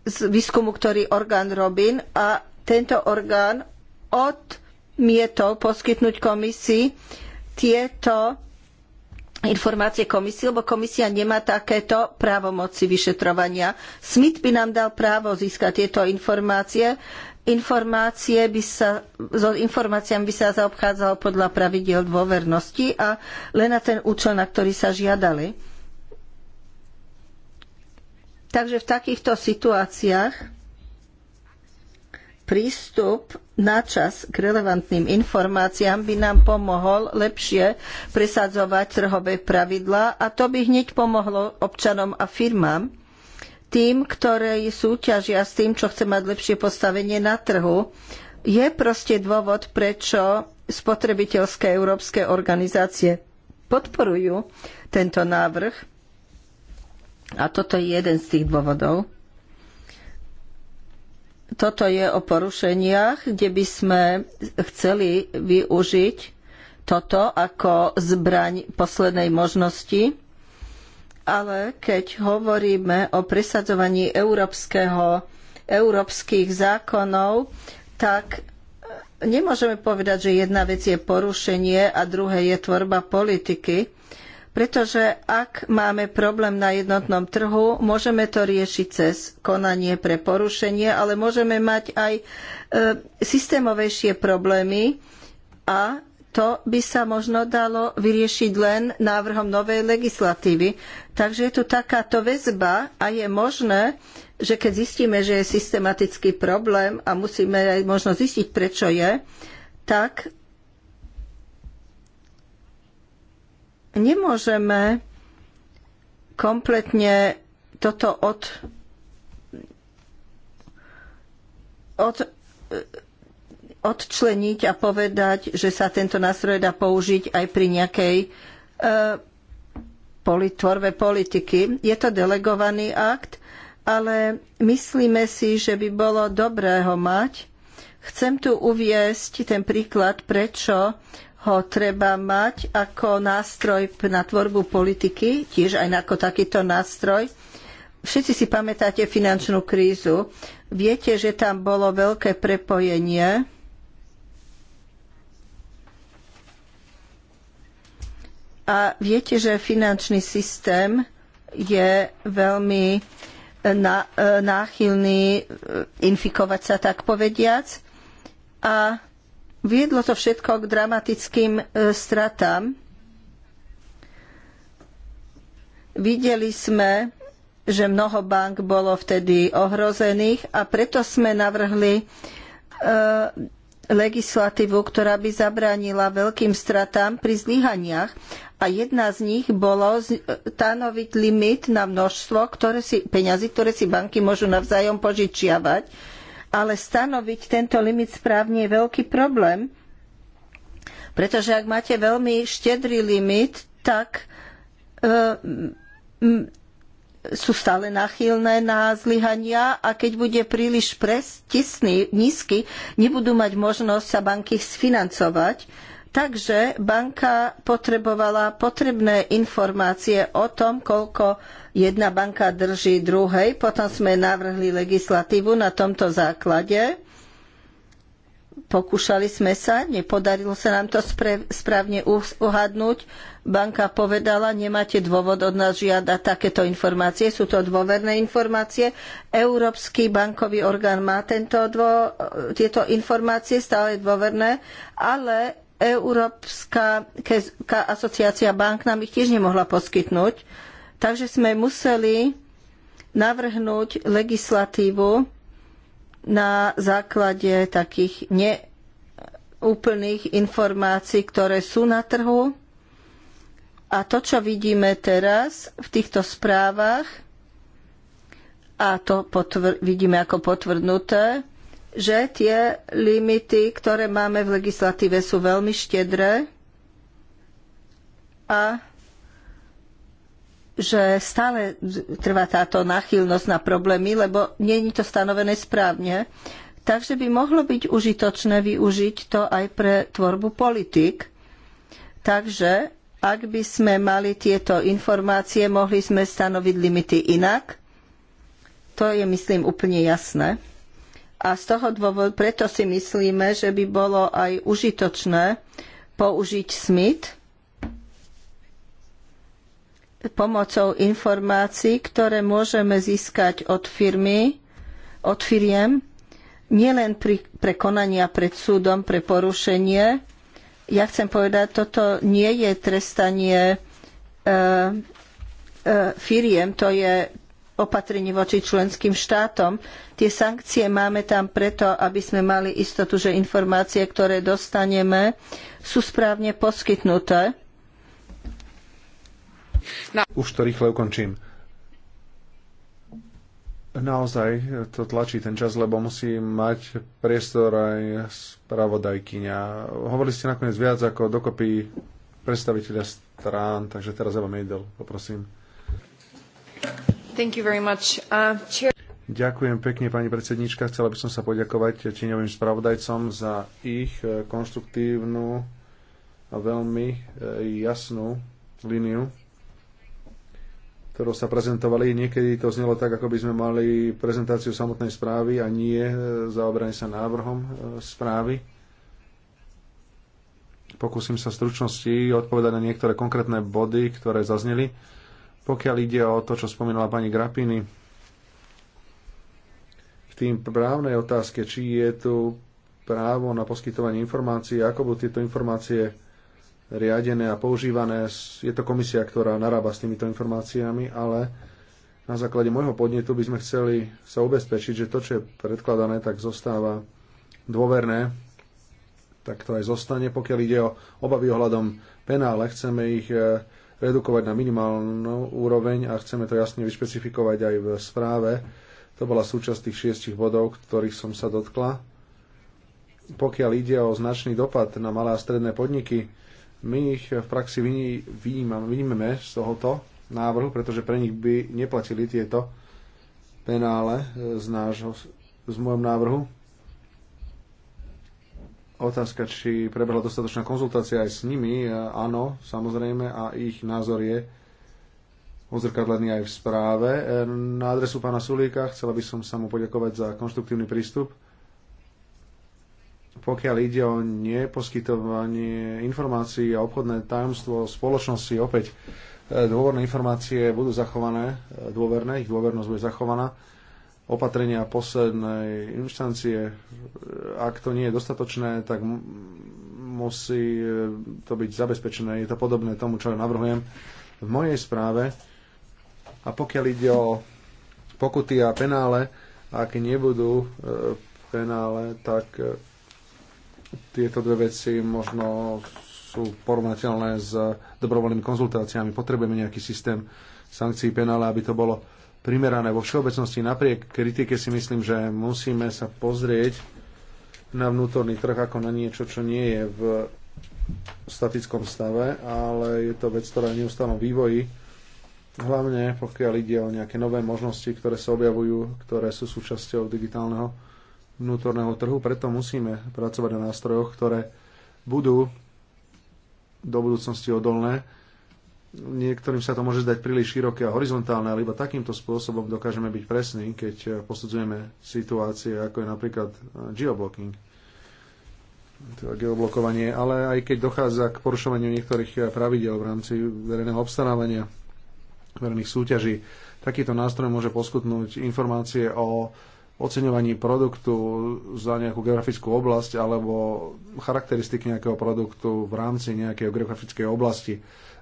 z výskumu, ktorý orgán robí a tento orgán odmietol poskytnúť komisii tieto informácie komisii, lebo komisia nemá takéto právomoci vyšetrovania. SMIT by nám dal právo získať tieto informácie, informácie by sa, so informáciami by sa zaobchádzalo podľa pravidiel dôvernosti a len na ten účel, na ktorý sa žiadali. Takže v takýchto situáciách prístup na čas k relevantným informáciám by nám pomohol lepšie presadzovať trhové pravidlá a to by hneď pomohlo občanom a firmám tým, ktoré súťažia s tým, čo chce mať lepšie postavenie na trhu. Je proste dôvod, prečo spotrebiteľské európske organizácie podporujú tento návrh. A toto je jeden z tých dôvodov. Toto je o porušeniach, kde by sme chceli využiť toto ako zbraň poslednej možnosti ale keď hovoríme o presadzovaní európskeho, európskych zákonov, tak e, nemôžeme povedať, že jedna vec je porušenie a druhé je tvorba politiky, pretože ak máme problém na jednotnom trhu, môžeme to riešiť cez konanie pre porušenie, ale môžeme mať aj e, systémovejšie problémy a to by sa možno dalo vyriešiť len návrhom novej legislatívy. Takže je tu takáto väzba a je možné, že keď zistíme, že je systematický problém a musíme aj možno zistiť, prečo je, tak nemôžeme kompletne toto od, od odčleniť a povedať, že sa tento nástroj dá použiť aj pri nejakej e, tvorbe politiky. Je to delegovaný akt, ale myslíme si, že by bolo dobré ho mať. Chcem tu uviesť ten príklad, prečo ho treba mať ako nástroj na tvorbu politiky, tiež aj ako takýto nástroj. Všetci si pamätáte finančnú krízu. Viete, že tam bolo veľké prepojenie A viete, že finančný systém je veľmi e, e, náchylný e, infikovať sa, tak povediac. A viedlo to všetko k dramatickým stratám. Videli sme, že mnoho bank bolo vtedy ohrozených a preto sme navrhli legislatívu, ktorá by zabránila veľkým stratám pri zlyhaniach a jedna z nich bolo e, stanoviť limit na množstvo ktoré si, peňazí, ktoré si banky môžu navzájom požičiavať. Ale stanoviť tento limit správne je veľký problém, pretože ak máte veľmi štedrý limit, tak e, m, sú stále náchylné na zlyhania a keď bude príliš pres, nízky, nebudú mať možnosť sa banky sfinancovať. Takže banka potrebovala potrebné informácie o tom, koľko jedna banka drží druhej. Potom sme navrhli legislatívu na tomto základe. Pokúšali sme sa, nepodarilo sa nám to správne uhadnúť. Banka povedala, nemáte dôvod od nás žiadať takéto informácie, sú to dôverné informácie. Európsky bankový orgán má tento dvo, tieto informácie stále dôverné, ale Európska asociácia bank nám ich tiež nemohla poskytnúť. Takže sme museli navrhnúť legislatívu na základe takých neúplných informácií, ktoré sú na trhu. A to, čo vidíme teraz v týchto správach, a to vidíme ako potvrdnuté, že tie limity, ktoré máme v legislatíve, sú veľmi štedré a že stále trvá táto náchylnosť na problémy, lebo nie je to stanovené správne. Takže by mohlo byť užitočné využiť to aj pre tvorbu politik. Takže ak by sme mali tieto informácie, mohli sme stanoviť limity inak. To je, myslím, úplne jasné. A z toho dôvodu, preto si myslíme, že by bolo aj užitočné použiť SMIT pomocou informácií, ktoré môžeme získať od firmy, od firiem, nielen pri prekonania pred súdom pre porušenie. Ja chcem povedať, toto nie je trestanie e, e, firiem, to je opatrení voči členským štátom. Tie sankcie máme tam preto, aby sme mali istotu, že informácie, ktoré dostaneme, sú správne poskytnuté. Už to rýchle ukončím. Naozaj to tlačí ten čas, lebo musí mať priestor aj spravodajkyňa. Hovorili ste nakoniec viac ako dokopy predstaviteľa strán, takže teraz Eva Mejdel, poprosím. Uh, Ďakujem pekne, pani predsednička. Chcela by som sa poďakovať tieňovým spravodajcom za ich e, konštruktívnu a veľmi e, jasnú líniu, ktorou sa prezentovali. Niekedy to znelo tak, ako by sme mali prezentáciu samotnej správy a nie e, zaoberanie sa návrhom správy. Pokúsim sa v stručnosti odpovedať na niektoré konkrétne body, ktoré zazneli pokiaľ ide o to, čo spomínala pani grapiny k tým právnej otázke, či je tu právo na poskytovanie informácií, ako budú tieto informácie riadené a používané. Je to komisia, ktorá narába s týmito informáciami, ale na základe môjho podnetu by sme chceli sa ubezpečiť, že to, čo je predkladané, tak zostáva dôverné, tak to aj zostane. Pokiaľ ide o obavy ohľadom penále, chceme ich eh, redukovať na minimálnu úroveň a chceme to jasne vyšpecifikovať aj v správe. To bola súčasť tých šiestich bodov, ktorých som sa dotkla. Pokiaľ ide o značný dopad na malé a stredné podniky, my ich v praxi vynímame z tohoto návrhu, pretože pre nich by neplatili tieto penále z, nášho, z môjom návrhu. Otázka, či prebehla dostatočná konzultácia aj s nimi, e, áno, samozrejme, a ich názor je odzrkadlený aj v správe. E, na adresu pána Sulíka chcela by som sa mu poďakovať za konštruktívny prístup. Pokiaľ ide o neposkytovanie informácií a obchodné tajomstvo spoločnosti, opäť e, dôverné informácie budú zachované, dôverné, ich dôvernosť bude zachovaná opatrenia poslednej inštancie, ak to nie je dostatočné, tak musí e, to byť zabezpečené. Je to podobné tomu, čo ja navrhujem v mojej správe. A pokiaľ ide o pokuty a penále, ak nebudú e, penále, tak e, tieto dve veci možno sú porovnateľné s dobrovoľnými konzultáciami. Potrebujeme nejaký systém sankcií penále, aby to bolo primerané vo všeobecnosti. Napriek kritike si myslím, že musíme sa pozrieť na vnútorný trh ako na niečo, čo nie je v statickom stave, ale je to vec, ktorá je v neustálom vývoji, hlavne pokiaľ ide o nejaké nové možnosti, ktoré sa objavujú, ktoré sú súčasťou digitálneho vnútorného trhu. Preto musíme pracovať na nástrojoch, ktoré budú do budúcnosti odolné Niektorým sa to môže zdať príliš široké a horizontálne, ale iba takýmto spôsobom dokážeme byť presní, keď e, posudzujeme situácie, ako je napríklad e, geoblocking, teda geoblokovanie, ale aj keď dochádza k porušovaniu niektorých e, pravidel v rámci verejného obstarávania, verejných súťaží. Takýto nástroj môže poskutnúť informácie o oceňovaní produktu za nejakú geografickú oblasť alebo charakteristiky nejakého produktu v rámci nejakej geografickej oblasti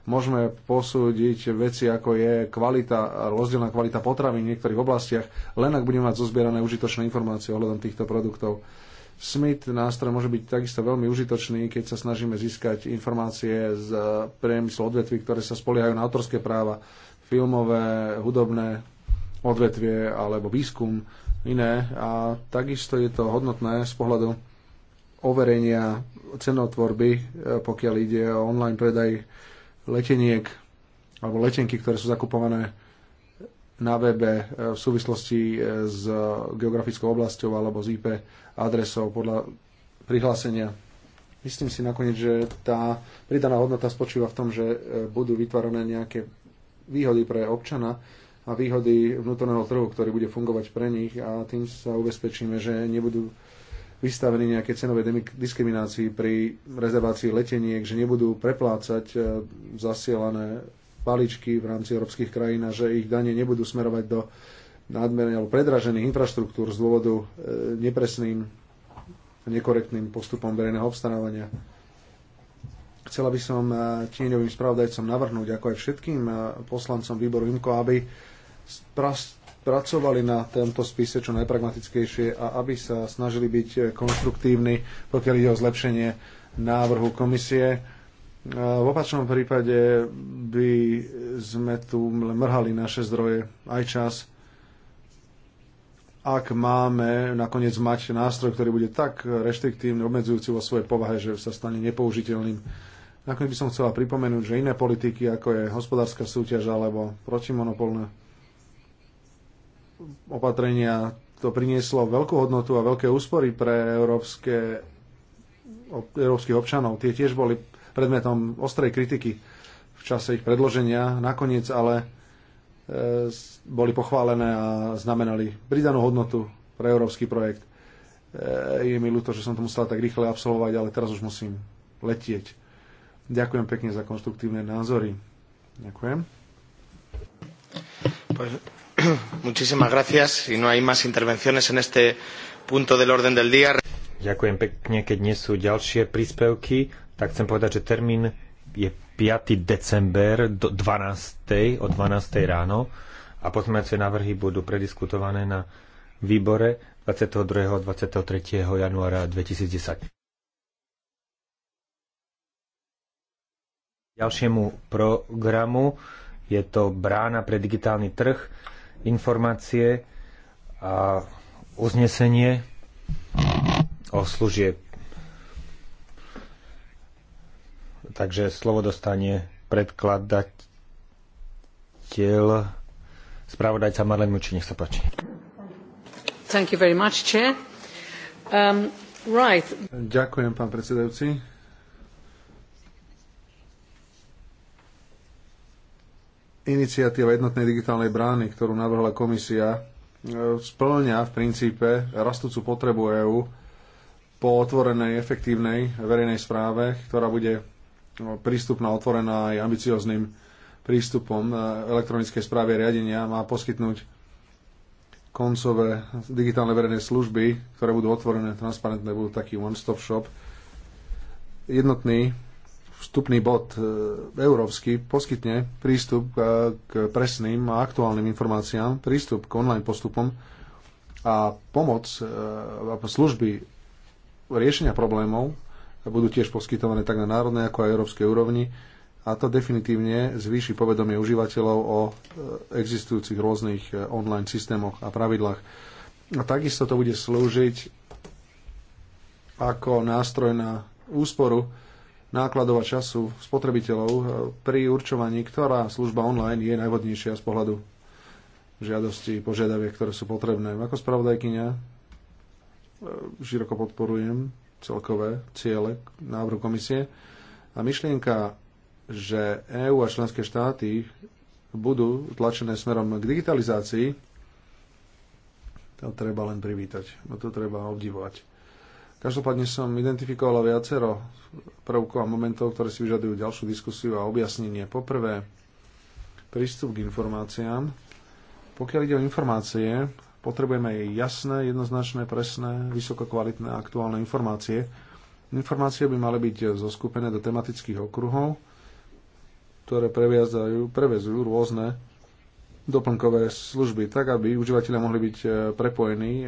môžeme posúdiť veci, ako je kvalita, rozdielna kvalita potravy v niektorých oblastiach, len ak budeme mať zozbierané užitočné informácie ohľadom týchto produktov. Smith nástroj môže byť takisto veľmi užitočný, keď sa snažíme získať informácie z priemyslu odvetví, ktoré sa spoliehajú na autorské práva, filmové, hudobné odvetvie alebo výskum iné. A takisto je to hodnotné z pohľadu overenia cenotvorby, eh, pokiaľ ide o online predaj leteniek alebo letenky, ktoré sú zakupované na webe e, v súvislosti e, s geografickou oblasťou alebo s IP adresou podľa prihlásenia. Myslím si nakoniec, že tá pridaná hodnota spočíva v tom, že e, budú vytvorené nejaké výhody pre občana a výhody vnútorného trhu, ktorý bude fungovať pre nich a tým sa ubezpečíme, že nebudú vystavení nejaké cenovej diskriminácii pri rezervácii leteniek, že nebudú preplácať e, zasielané paličky v rámci európskych krajín a že ich dane nebudú smerovať do nadmerne alebo predražených infraštruktúr z dôvodu e, nepresným a nekorektným postupom verejného obstarávania. Chcela by som e, tieňovým spravodajcom navrhnúť, ako aj všetkým poslancom výboru IMCO, aby pracovali na tomto spise čo najpragmatickejšie a aby sa snažili byť eh, konštruktívni, pokiaľ ide o zlepšenie návrhu komisie. Eh, v opačnom prípade by sme tu mrhali naše zdroje aj čas, ak máme nakoniec mať nástroj, ktorý bude tak reštriktívny, obmedzujúci vo svojej povahe, že sa stane nepoužiteľným. Nakoniec by som chcela pripomenúť, že iné politiky, ako je hospodárska súťaž alebo protimonopolné opatrenia. To prinieslo veľkú hodnotu a veľké úspory pre európske, európskych občanov. Tie tiež boli predmetom ostrej kritiky v čase ich predloženia. Nakoniec ale e, boli pochválené a znamenali pridanú hodnotu pre európsky projekt. E, je mi ľúto, že som to musel tak rýchle absolvovať, ale teraz už musím letieť. Ďakujem pekne za konštruktívne názory. Ďakujem. Muchísimas gracias. Si no hay más intervenciones en este punto del orden del día. Ďakujem pekne. Keď nie sú ďalšie príspevky, tak chcem povedať, že termín je 5. december do 12. o 12. ráno a pozmeňujúce návrhy budú prediskutované na výbore 22. a 23. januára 2010. Ďalšiemu programu je to brána pre digitálny trh informácie a uznesenie o služieb. Takže slovo dostane predkladateľ spravodajca Marlen Muči, nech sa páči. Thank you very much, chair. Um, right. Ďakujem, pán predsedajúci iniciatíva jednotnej digitálnej brány, ktorú navrhla komisia, e, splňa v princípe rastúcu potrebu EÚ po otvorenej, efektívnej verejnej správe, ktorá bude e, prístupná, otvorená aj ambiciozným prístupom e, elektronickej správy a riadenia, má poskytnúť koncové digitálne verejné služby, ktoré budú otvorené, transparentné, budú taký one-stop shop. Jednotný vstupný bod e, európsky poskytne prístup e, k presným a aktuálnym informáciám, prístup k online postupom a pomoc e, a služby riešenia problémov budú tiež poskytované tak na národnej ako aj európskej úrovni a to definitívne zvýši povedomie užívateľov o existujúcich rôznych online systémoch a pravidlách. A takisto to bude slúžiť ako nástroj na úsporu nákladov a času spotrebiteľov e, pri určovaní, ktorá služba online je najvodnejšia z pohľadu žiadosti, požiadaviek, ktoré sú potrebné. Ako spravodajkynia e, široko podporujem celkové ciele návrhu komisie a myšlienka, že EÚ a členské štáty budú tlačené smerom k digitalizácii, to treba len privítať. No to treba obdivovať. Každopádne som identifikovala viacero prvkov a momentov, ktoré si vyžadujú ďalšiu diskusiu a objasnenie. Poprvé, prístup k informáciám. Pokiaľ ide o informácie, potrebujeme jasné, jednoznačné, presné, vysokokvalitné a aktuálne informácie. Informácie by mali byť zoskupené do tematických okruhov, ktoré prevezujú rôzne doplnkové služby, tak aby užívateľia mohli byť e, prepojení e,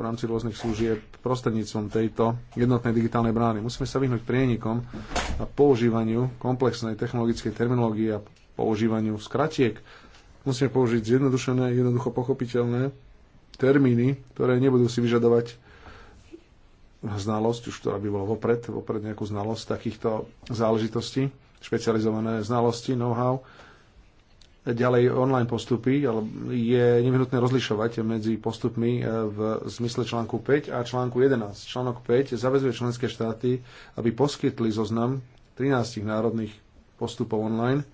v rámci rôznych služieb prostredníctvom tejto jednotnej digitálnej brány. Musíme sa vyhnúť prienikom a používaniu komplexnej technologickej terminológie a používaniu skratiek. Musíme použiť zjednodušené, jednoducho pochopiteľné termíny, ktoré nebudú si vyžadovať znalosť, už ktorá by bola vopred, vopred nejakú znalosť takýchto záležitostí, špecializované znalosti, know-how, ďalej online postupy, je nevyhnutné rozlišovať medzi postupmi e, v zmysle článku 5 a článku 11. Článok 5 zavezuje členské štáty, aby poskytli zoznam 13 národných postupov online.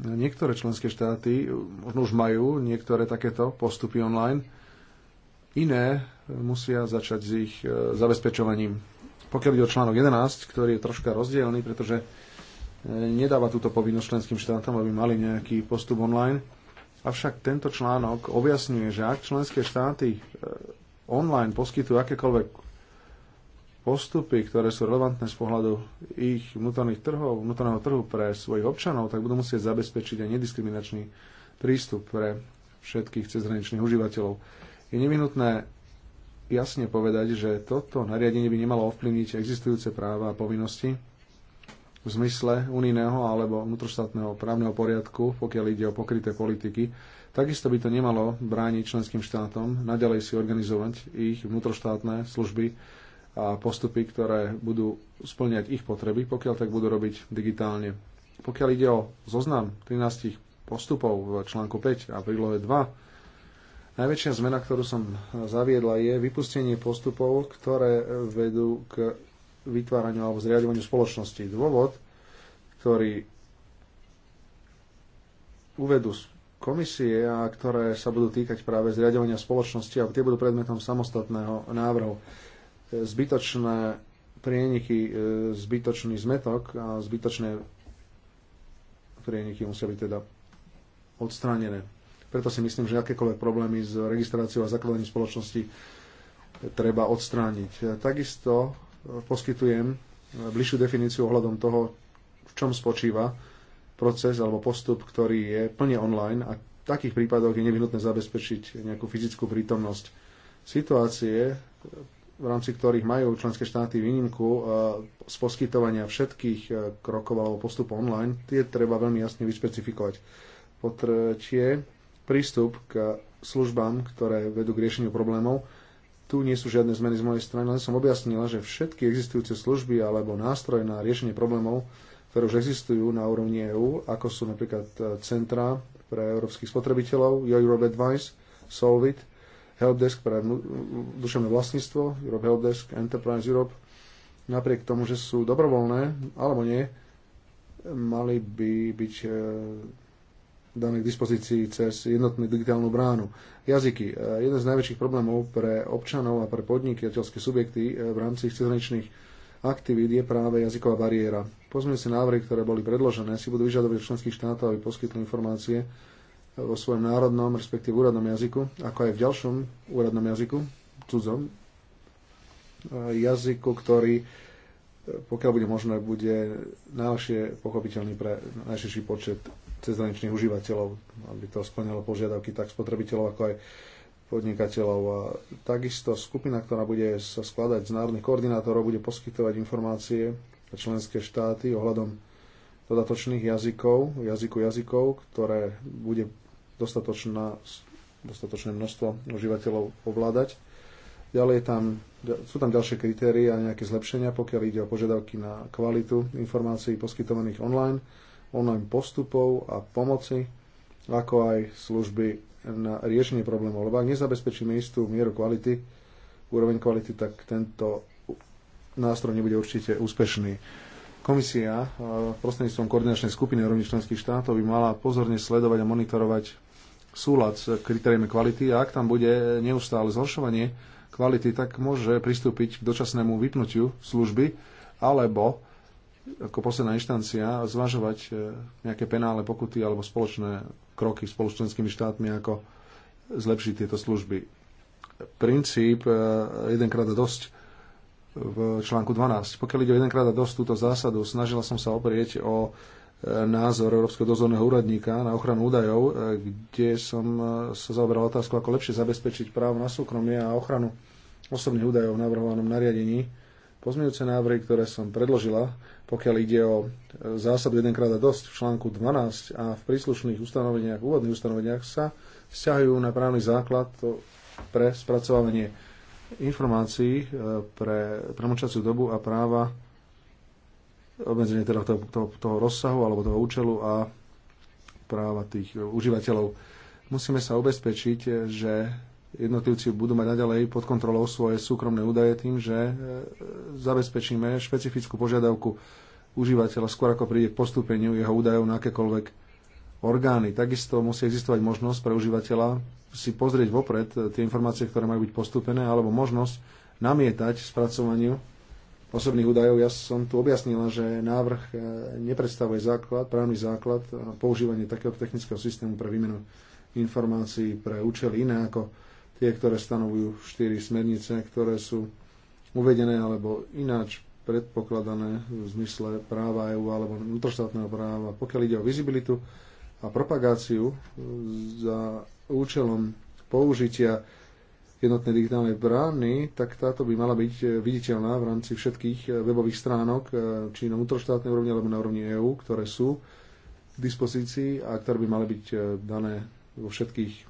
Niektoré členské štáty e, možno už majú niektoré takéto postupy online, iné e, musia začať s ich zabezpečovaním. Pokiaľ ide o článok 11, ktorý je troška rozdielný, pretože nedáva túto povinnosť členským štátom, aby mali nejaký postup online. Avšak tento článok objasňuje, že ak členské štáty e, online poskytujú akékoľvek postupy, ktoré sú relevantné z pohľadu ich vnútorných trhov, vnútorného trhu pre svojich občanov, tak budú musieť zabezpečiť aj nediskriminačný prístup pre všetkých cezhraničných užívateľov. Je nevinutné jasne povedať, že toto nariadenie by nemalo ovplyvniť existujúce práva a povinnosti v zmysle unijného alebo vnútroštátneho právneho poriadku, pokiaľ ide o pokryté politiky. Takisto by to nemalo brániť členským štátom naďalej si organizovať ich vnútroštátne služby a postupy, ktoré budú splňať ich potreby, pokiaľ tak budú robiť digitálne. Pokiaľ ide o zoznam 13 postupov v článku 5 a prílohe 2, Najväčšia zmena, ktorú som zaviedla, je vypustenie postupov, ktoré vedú k vytváraniu alebo zriadovaniu spoločnosti. Dôvod, ktorý uvedú komisie a ktoré sa budú týkať práve zriadovania spoločnosti a tie budú predmetom samostatného návrhu. Zbytočné prieniky, e, zbytočný zmetok a zbytočné prieniky musia byť teda odstránené. Preto si myslím, že akékoľvek problémy s registráciou a zakladaním spoločnosti treba odstrániť. Takisto poskytujem bližšiu definíciu ohľadom toho, v čom spočíva proces alebo postup, ktorý je plne online a v takých prípadoch je nevyhnutné zabezpečiť nejakú fyzickú prítomnosť. Situácie, v rámci ktorých majú členské štáty výnimku e, z poskytovania všetkých e, krokov alebo postupov online, tie treba veľmi jasne vyšpecifikovať. Po tretie, prístup k službám, ktoré vedú k riešeniu problémov, tu nie sú žiadne zmeny z mojej strany, len som objasnila, že všetky existujúce služby alebo nástroje na riešenie problémov, ktoré už existujú na úrovni EÚ, ako sú napríklad e, centra pre európskych spotrebiteľov, Europe Advice, Solvit, Helpdesk pre duševné vlastníctvo, Europe Helpdesk, Enterprise Europe, napriek tomu, že sú dobrovoľné, alebo nie, mali by byť e, dané k dispozícii cez jednotnú digitálnu bránu. Jazyky. E, jeden z najväčších problémov pre občanov a pre podniky, a subjekty e, v rámci ich cezhraničných aktivít je práve jazyková bariéra. si návrhy, ktoré boli predložené, si budú vyžadovať od členských štátov, aby poskytli informácie e, vo svojom národnom, respektíve úradnom jazyku, ako aj v ďalšom úradnom jazyku, cudzom, jazyku, ktorý pokiaľ bude možné, bude najlepšie pochopiteľný pre najširší počet cezhraničných užívateľov, aby to splnilo požiadavky tak spotrebiteľov, ako aj podnikateľov. A takisto skupina, ktorá bude sa skladať z národných koordinátorov, bude poskytovať informácie pre členské štáty ohľadom dodatočných jazykov, jazyku jazykov, ktoré bude dostatočná, dostatočné množstvo užívateľov ovládať. Ďalej tam, sú tam ďalšie kritéria a nejaké zlepšenia, pokiaľ ide o požiadavky na kvalitu informácií poskytovaných online online postupov a pomoci, ako aj služby na riešenie problémov. Lebo ak nezabezpečíme istú mieru kvality, úroveň kvality, tak tento nástroj nebude určite úspešný. Komisia eh, prostredníctvom koordinačnej skupiny rovných členských štátov by mala pozorne sledovať a monitorovať súlad s kritériami kvality a ak tam bude neustále zhoršovanie kvality, tak môže pristúpiť k dočasnému vypnutiu služby alebo ako posledná inštancia zvažovať e, nejaké penále, pokuty alebo spoločné kroky s členskými štátmi, ako zlepšiť tieto služby. Princíp e, jedenkrát a dosť v článku 12. Pokiaľ ide o jedenkrát a dosť túto zásadu, snažila som sa oprieť o e, názor Európskeho dozorného úradníka na ochranu údajov, kde som sa zaoberal otázku, ako lepšie zabezpečiť právo na súkromie a ochranu osobných údajov v navrhovanom nariadení Pozmeňujúce návrhy, ktoré som predložila, pokiaľ ide o e, zásadu jedenkrát a dosť v článku 12 a v príslušných ustanoveniach, úvodných ustanoveniach sa vzťahujú na právny základ pre spracovanie informácií e, pre premočaciu dobu a práva obmedzenie teda toho, toho, toho rozsahu alebo toho účelu a práva tých e, užívateľov. Musíme sa ubezpečiť, že jednotlivci budú mať naďalej pod kontrolou svoje súkromné údaje tým, že e, zabezpečíme špecifickú požiadavku užívateľa skôr ako príde k postúpeniu jeho údajov na akékoľvek orgány. Takisto musí existovať možnosť pre užívateľa si pozrieť vopred e, tie informácie, ktoré majú byť postúpené, alebo možnosť namietať spracovaniu osobných údajov. Ja som tu objasnila, že návrh e, nepredstavuje základ, právny základ a používanie takého technického systému pre výmenu informácií pre účely iné ako tie, ktoré stanovujú štyri smernice, ktoré sú uvedené alebo ináč predpokladané v zmysle práva EÚ alebo vnútroštátneho práva. Pokiaľ ide o vizibilitu a propagáciu e, za účelom použitia jednotnej digitálnej brány, tak táto by mala byť e, viditeľná v rámci všetkých e, webových stránok, či na vnútroštátnej úrovni alebo na úrovni EÚ, ktoré sú k dispozícii a ktoré by mali byť dané vo všetkých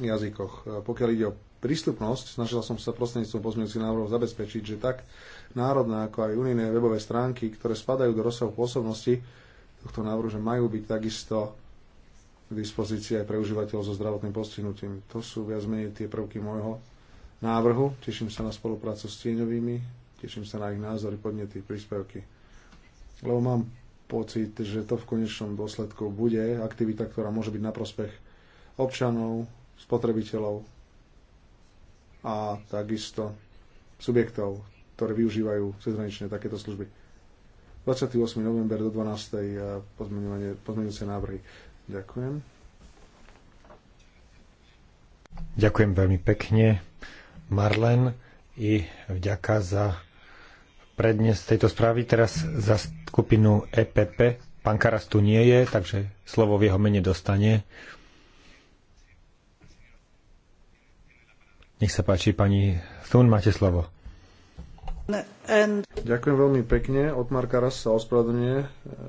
jazykoch. Pokiaľ ide o prístupnosť, snažila som sa prostredníctvom pozmeňujúcich návrhov zabezpečiť, že tak národné ako aj unijné webové stránky, ktoré spadajú do rozsahu pôsobnosti tohto návrhu, že majú byť takisto k dispozícii aj pre užívateľov so zdravotným postihnutím. To sú viac menej tie prvky môjho návrhu. Teším sa na spoluprácu s tieňovými, teším sa na ich názory, podnety, príspevky. Lebo mám pocit, že to v konečnom dôsledku bude aktivita, ktorá môže byť na prospech občanov, spotrebiteľov a takisto subjektov, ktoré využívajú cezhranične takéto služby. 28. november do 12. pozmeňujúce návrhy. Ďakujem. Ďakujem veľmi pekne, Marlen, i vďaka za prednes tejto správy. Teraz za skupinu EPP. Pán Karas tu nie je, takže slovo v jeho mene dostane. Nech sa páči, pani Thun, máte slovo. And... Ďakujem veľmi pekne. Marka raz sa ospravedlňuje, eh,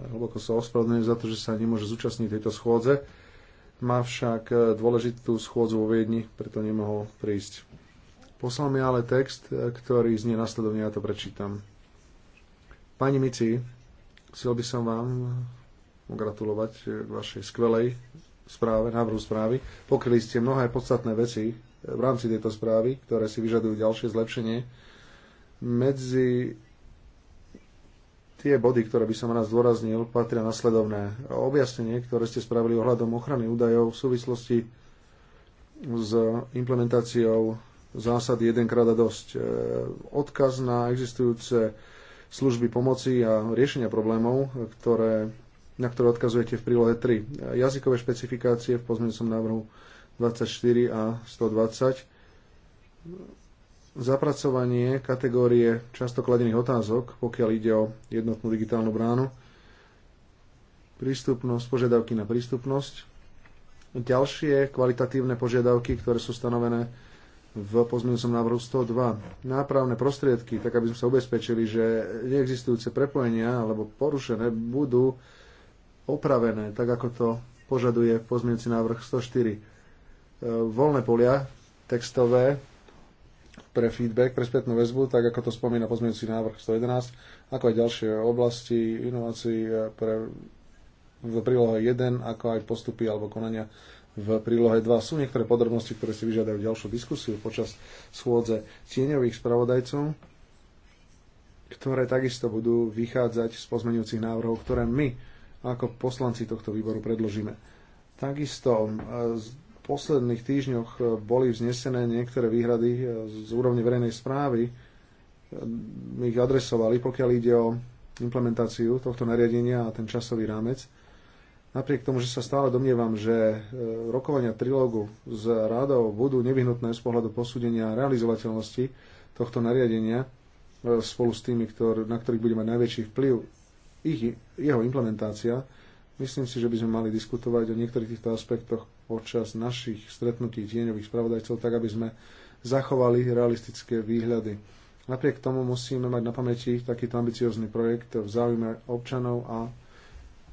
hlboko sa ospravedlňuje za to, že sa nemôže zúčastniť tejto schôdze. Má však eh, dôležitú schôdzu vo Viedni, preto nemohol prísť. Poslal mi ale text, eh, ktorý znie nasledovne, ja to prečítam. Pani Mici, chcel by som vám gratulovať k vašej skvelej správe, návrhu správy. Pokryli ste mnohé podstatné veci, v rámci tejto správy, ktoré si vyžadujú ďalšie zlepšenie. Medzi tie body, ktoré by som raz zdôraznil, patria nasledovné. Objasnenie, ktoré ste spravili ohľadom ochrany údajov v súvislosti s implementáciou zásady jedenkrát a dosť. E, odkaz na existujúce služby pomoci a riešenia problémov, ktoré, na ktoré odkazujete v prílohe 3. E, jazykové špecifikácie v pozmeňujúcom návrhu 24 a 120. Zapracovanie kategórie často kladených otázok, pokiaľ ide o jednotnú digitálnu bránu. Prístupnosť, požiadavky na prístupnosť. Ďalšie kvalitatívne požiadavky, ktoré sú stanovené v pozmeňujúcom návrhu 102. Nápravné prostriedky, tak aby sme sa ubezpečili, že neexistujúce prepojenia alebo porušené budú opravené, tak ako to požaduje pozmeňujúci návrh 104. E, voľné polia textové pre feedback, pre spätnú väzbu, tak ako to spomína pozmeňujúci návrh 111, ako aj ďalšie oblasti inovácií e, pre, v prílohe 1, ako aj postupy alebo konania v prílohe 2. Sú niektoré podrobnosti, ktoré si vyžiadajú ďalšiu diskusiu počas schôdze tieňových spravodajcov, ktoré takisto budú vychádzať z pozmeňujúcich návrhov, ktoré my ako poslanci tohto výboru predložíme. Takisto e, posledných týždňoch e, boli vznesené niektoré výhrady e, z úrovne verejnej správy. E, my ich adresovali, pokiaľ ide o implementáciu tohto nariadenia a ten časový rámec. Napriek tomu, že sa stále domnievam, že rokovania trilógu s rádou budú nevyhnutné z pohľadu posúdenia realizovateľnosti tohto nariadenia spolu s tými, ktor- na ktorých bude mať najväčší vplyv ich, jeho implementácia, Myslím si, že by sme mali diskutovať o niektorých týchto aspektoch počas našich stretnutí tieňových spravodajcov, tak aby sme zachovali realistické výhľady. Napriek tomu musíme mať na pamäti takýto ambiciózny projekt v záujme občanov a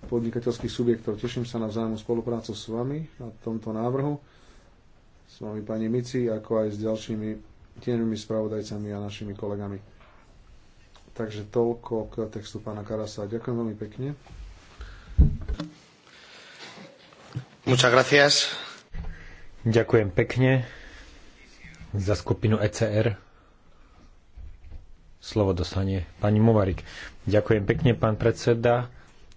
podnikateľských subjektov. Teším sa na vzájomnú spoluprácu s vami na tomto návrhu, s vami pani Mici, ako aj s ďalšími tieňovými spravodajcami a našimi kolegami. Takže toľko k textu pána Karasa. Ďakujem veľmi pekne. Ďakujem pekne za skupinu ECR. Slovo dostane pani Movarik. Ďakujem pekne, pán predseda.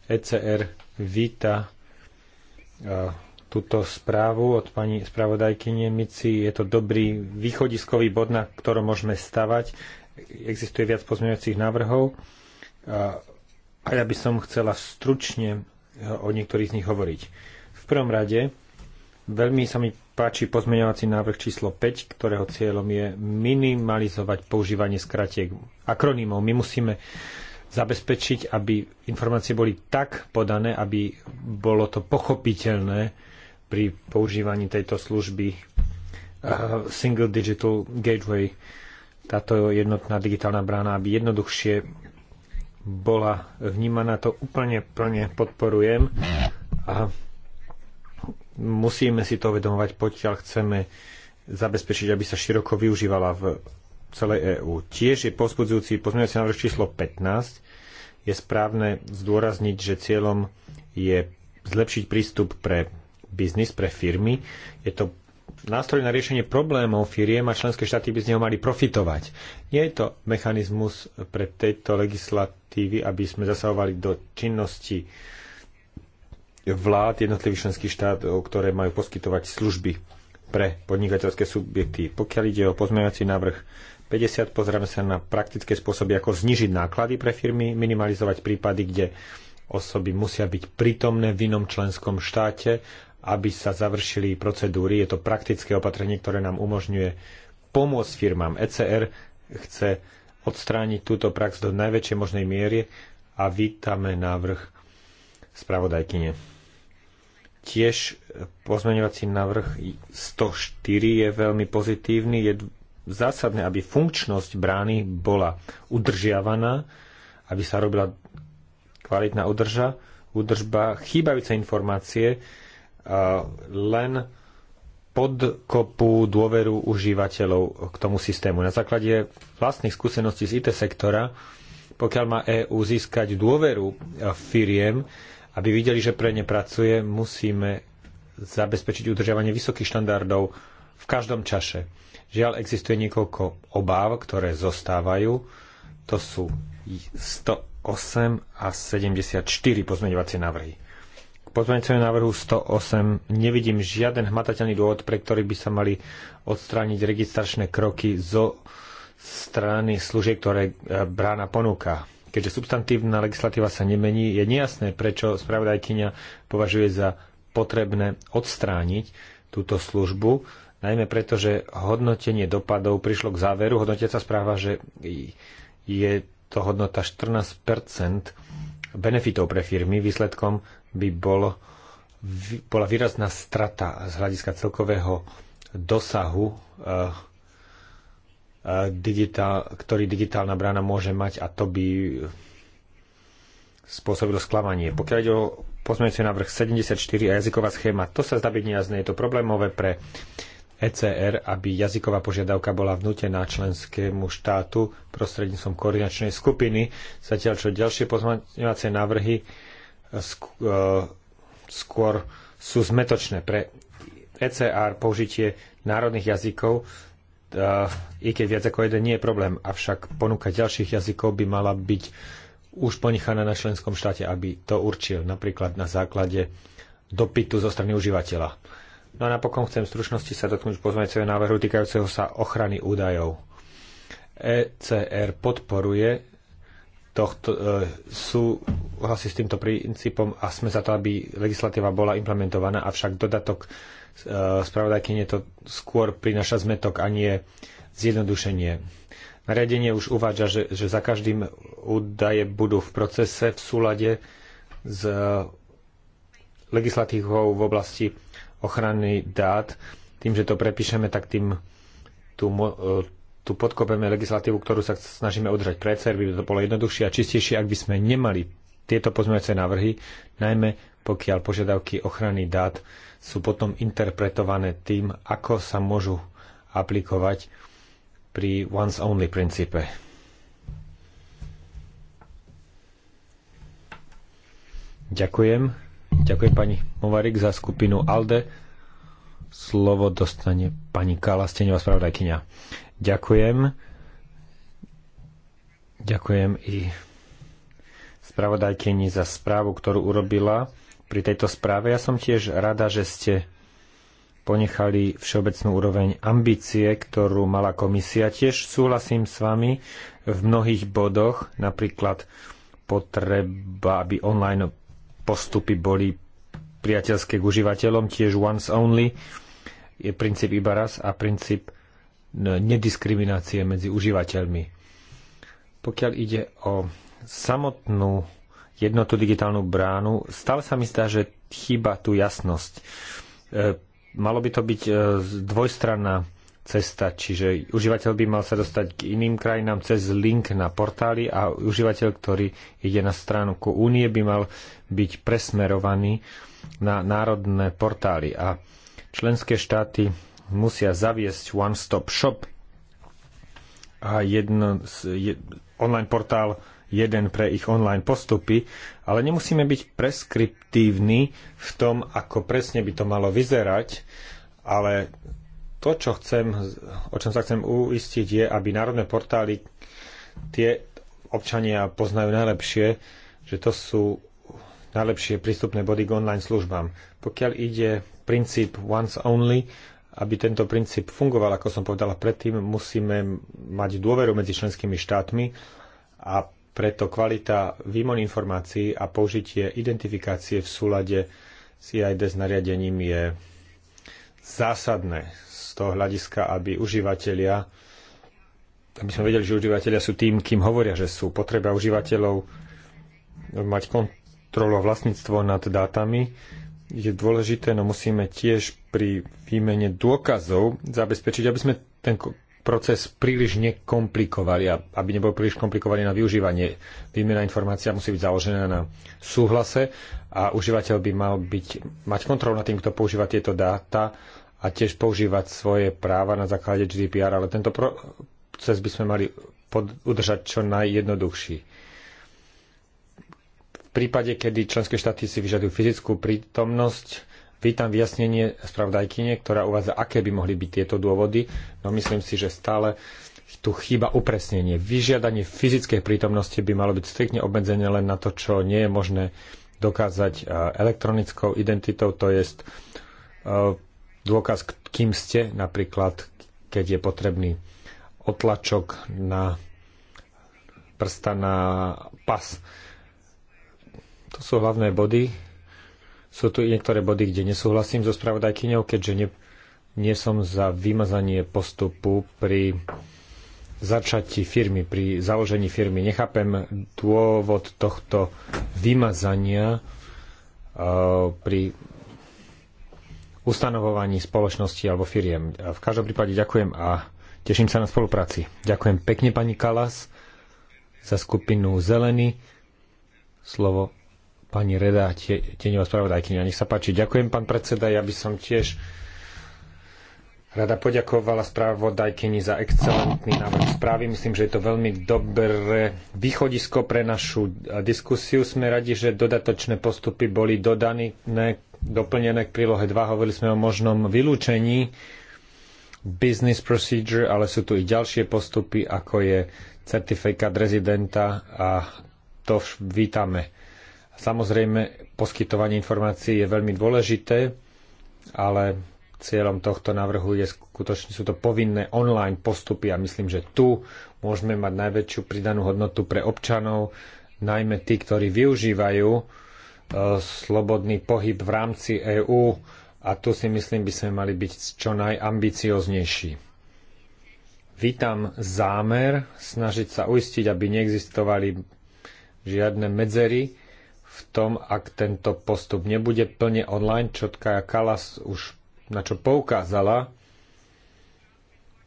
ECR víta e, túto správu od pani spravodajkyne Mici. Je to dobrý východiskový bod, na ktorom môžeme stavať. Existuje viac pozmeňujúcich návrhov. E, a ja by som chcela stručne o niektorých z nich hovoriť. V prvom rade veľmi sa mi páči pozmeňovací návrh číslo 5, ktorého cieľom je minimalizovať používanie skratiek akronymov. My musíme zabezpečiť, aby informácie boli tak podané, aby bolo to pochopiteľné pri používaní tejto služby eh, Single Digital Gateway, táto jednotná digitálna brána, aby jednoduchšie bola vnímaná, to úplne plne podporujem a musíme si to uvedomovať, pokiaľ chceme zabezpečiť, aby sa široko využívala v celej EÚ. Tiež je pozbudzujúci pozmeňovací návrh číslo 15. Je správne zdôrazniť, že cieľom je zlepšiť prístup pre biznis, pre firmy. Je to nástroj na riešenie problémov firiem a členské štáty by z neho mali profitovať. Nie je to mechanizmus pre tejto legislatívy, aby sme zasahovali do činnosti vlád jednotlivých členských štátov, ktoré majú poskytovať služby pre podnikateľské subjekty. Pokiaľ ide o pozmeňovací návrh 50, pozrieme sa na praktické spôsoby, ako znižiť náklady pre firmy, minimalizovať prípady, kde osoby musia byť prítomné v inom členskom štáte aby sa završili procedúry. Je to praktické opatrenie, ktoré nám umožňuje pomôcť firmám. ECR chce odstrániť túto prax do najväčšej možnej miery a vítame návrh spravodajkyne. Tiež pozmeňovací návrh 104 je veľmi pozitívny. Je zásadné, aby funkčnosť brány bola udržiavaná, aby sa robila kvalitná udrža, udržba, chýbajúce informácie, len podkopú dôveru užívateľov k tomu systému. Na základe vlastných skúseností z IT sektora, pokiaľ má EÚ získať dôveru e, firiem, aby videli, že pre ne pracuje, musíme zabezpečiť udržiavanie vysokých štandardov v každom čase. Žiaľ, existuje niekoľko obáv, ktoré zostávajú. To sú 108 a 74 pozmeňovacie návrhy pozvanicom návrhu 108 nevidím žiaden hmatateľný dôvod, pre ktorý by sa mali odstrániť registračné kroky zo strany služieb, ktoré e, brána ponúka. Keďže substantívna legislatíva sa nemení, je nejasné, prečo spravodajkyňa považuje za potrebné odstrániť túto službu, najmä preto, že hodnotenie dopadov prišlo k záveru, hodnotiaca správa, že je to hodnota 14 benefitov pre firmy, výsledkom by bol, bola výrazná strata z hľadiska celkového dosahu, eh, eh, digitál, ktorý digitálna brána môže mať a to by spôsobilo sklamanie. Pokiaľ ide o pozmeňujúci návrh 74 a jazyková schéma, to sa zdá byť nejazné. Je to problémové pre ECR, aby jazyková požiadavka bola vnútená členskému štátu prostredníctvom koordinačnej skupiny, zatiaľ čo ďalšie pozmeňovacie návrhy Eh, skôr sú zmetočné pre ECR použitie národných jazykov, eh, i keď viac ako jeden nie je problém, avšak ponuka ďalších jazykov by mala byť už ponechaná na členskom štáte, aby to určil, napríklad na základe dopytu zo strany užívateľa. No a napokon chcem v stručnosti sa dotknúť pozmeňujúceho návrhu týkajúceho sa ochrany údajov. ECR podporuje tohto, e, súhlasí s týmto princípom a sme za to, aby legislatíva bola implementovaná, avšak dodatok e, spravodajkyne to skôr prináša zmetok a nie zjednodušenie. Nariadenie už uvádza, že, že za každým údaje budú v procese v súlade s e, legislatívou v oblasti ochrany dát. Tým, že to prepíšeme, tak tým tú, tu podkopeme legislatívu, ktorú sa snažíme udržať pred by to bolo jednoduchšie a čistejšie, ak by sme nemali tieto pozmeňujúce návrhy, najmä pokiaľ požiadavky ochrany dát sú potom interpretované tým, ako sa môžu aplikovať pri once only princípe. Ďakujem. Ďakujem pani Movarik za skupinu ALDE. Slovo dostane pani Kala, steňová spravodajkynia. Ďakujem. Ďakujem i spravodajkyni za správu, ktorú urobila pri tejto správe. Ja som tiež rada, že ste ponechali všeobecnú úroveň ambície, ktorú mala komisia. Tiež súhlasím s vami v mnohých bodoch, napríklad potreba, aby online postupy boli priateľské k užívateľom, tiež once only, je princíp iba raz a princíp nediskriminácie medzi užívateľmi. Pokiaľ ide o samotnú jednotu digitálnu bránu, stále sa mi zdá, že chýba tu jasnosť. E, malo by to byť e, dvojstranná cesta, čiže užívateľ by mal sa dostať k iným krajinám cez link na portály a užívateľ, ktorý ide na stránku únie, by mal byť presmerovaný na národné portály. A členské štáty musia zaviesť one-stop shop a jedno, je, online portál jeden pre ich online postupy, ale nemusíme byť preskriptívni v tom, ako presne by to malo vyzerať, ale to, čo chcem, o čom sa chcem uistiť, je, aby národné portály tie občania poznajú najlepšie, že to sú najlepšie prístupné body k online službám. Pokiaľ ide princíp once only, aby tento princíp fungoval, ako som povedala predtým, musíme mať dôveru medzi členskými štátmi a preto kvalita výmon informácií a použitie identifikácie v súlade s IID s nariadením je zásadné z toho hľadiska, aby užívateľia aby sme vedeli, že užívateľia sú tým, kým hovoria, že sú. Potreba užívateľov mať kontrolu a vlastníctvo nad dátami je dôležité, no musíme tiež pri výmene dôkazov zabezpečiť, aby sme ten proces príliš nekomplikovali a aby nebol príliš komplikovaný na využívanie. Výmena informácia musí byť založená na súhlase a užívateľ by mal byť, mať kontrolu nad tým, kto používa tieto dáta a tiež používať svoje práva na základe GDPR, ale tento proces by sme mali pod, udržať čo najjednoduchší prípade, kedy členské štáty si vyžadujú fyzickú prítomnosť, vítam vyjasnenie spravodajkyne, ktorá uvádza, aké by mohli byť tieto dôvody, no myslím si, že stále tu chýba upresnenie. Vyžiadanie fyzickej prítomnosti by malo byť striktne obmedzené len na to, čo nie je možné dokázať e, elektronickou identitou, to je e, dôkaz, kým ste, napríklad, keď je potrebný otlačok na prsta na pas. To sú hlavné body. Sú tu niektoré body, kde nesúhlasím so spravodajkyňou, keďže ne, nie som za vymazanie postupu pri začatí firmy, pri založení firmy. Nechápem dôvod tohto vymazania e, pri ustanovovaní spoločnosti alebo firiem. V každom prípade ďakujem a teším sa na spolupráci. Ďakujem pekne pani Kalas za skupinu Zelený. Slovo Pani Reda, tie, tieňová spravodajkynia, nech sa páči. Ďakujem, pán predseda, ja by som tiež rada poďakovala spravodajkyni za excelentný návrh správy. Myslím, že je to veľmi dobré východisko pre našu diskusiu. Sme radi, že dodatočné postupy boli dodané, doplnené k prílohe 2. Hovorili sme o možnom vylúčení business procedure, ale sú tu i ďalšie postupy, ako je certifikát rezidenta a to vítame. Samozrejme, poskytovanie informácií je veľmi dôležité, ale cieľom tohto návrhu je skutočne sú to povinné online postupy a myslím, že tu môžeme mať najväčšiu pridanú hodnotu pre občanov, najmä tí, ktorí využívajú e, slobodný pohyb v rámci EÚ a tu si myslím, by sme mali byť čo najambicioznejší. Vítam zámer snažiť sa uistiť, aby neexistovali žiadne medzery v tom, ak tento postup nebude plne online, čo Kalas už na čo poukázala.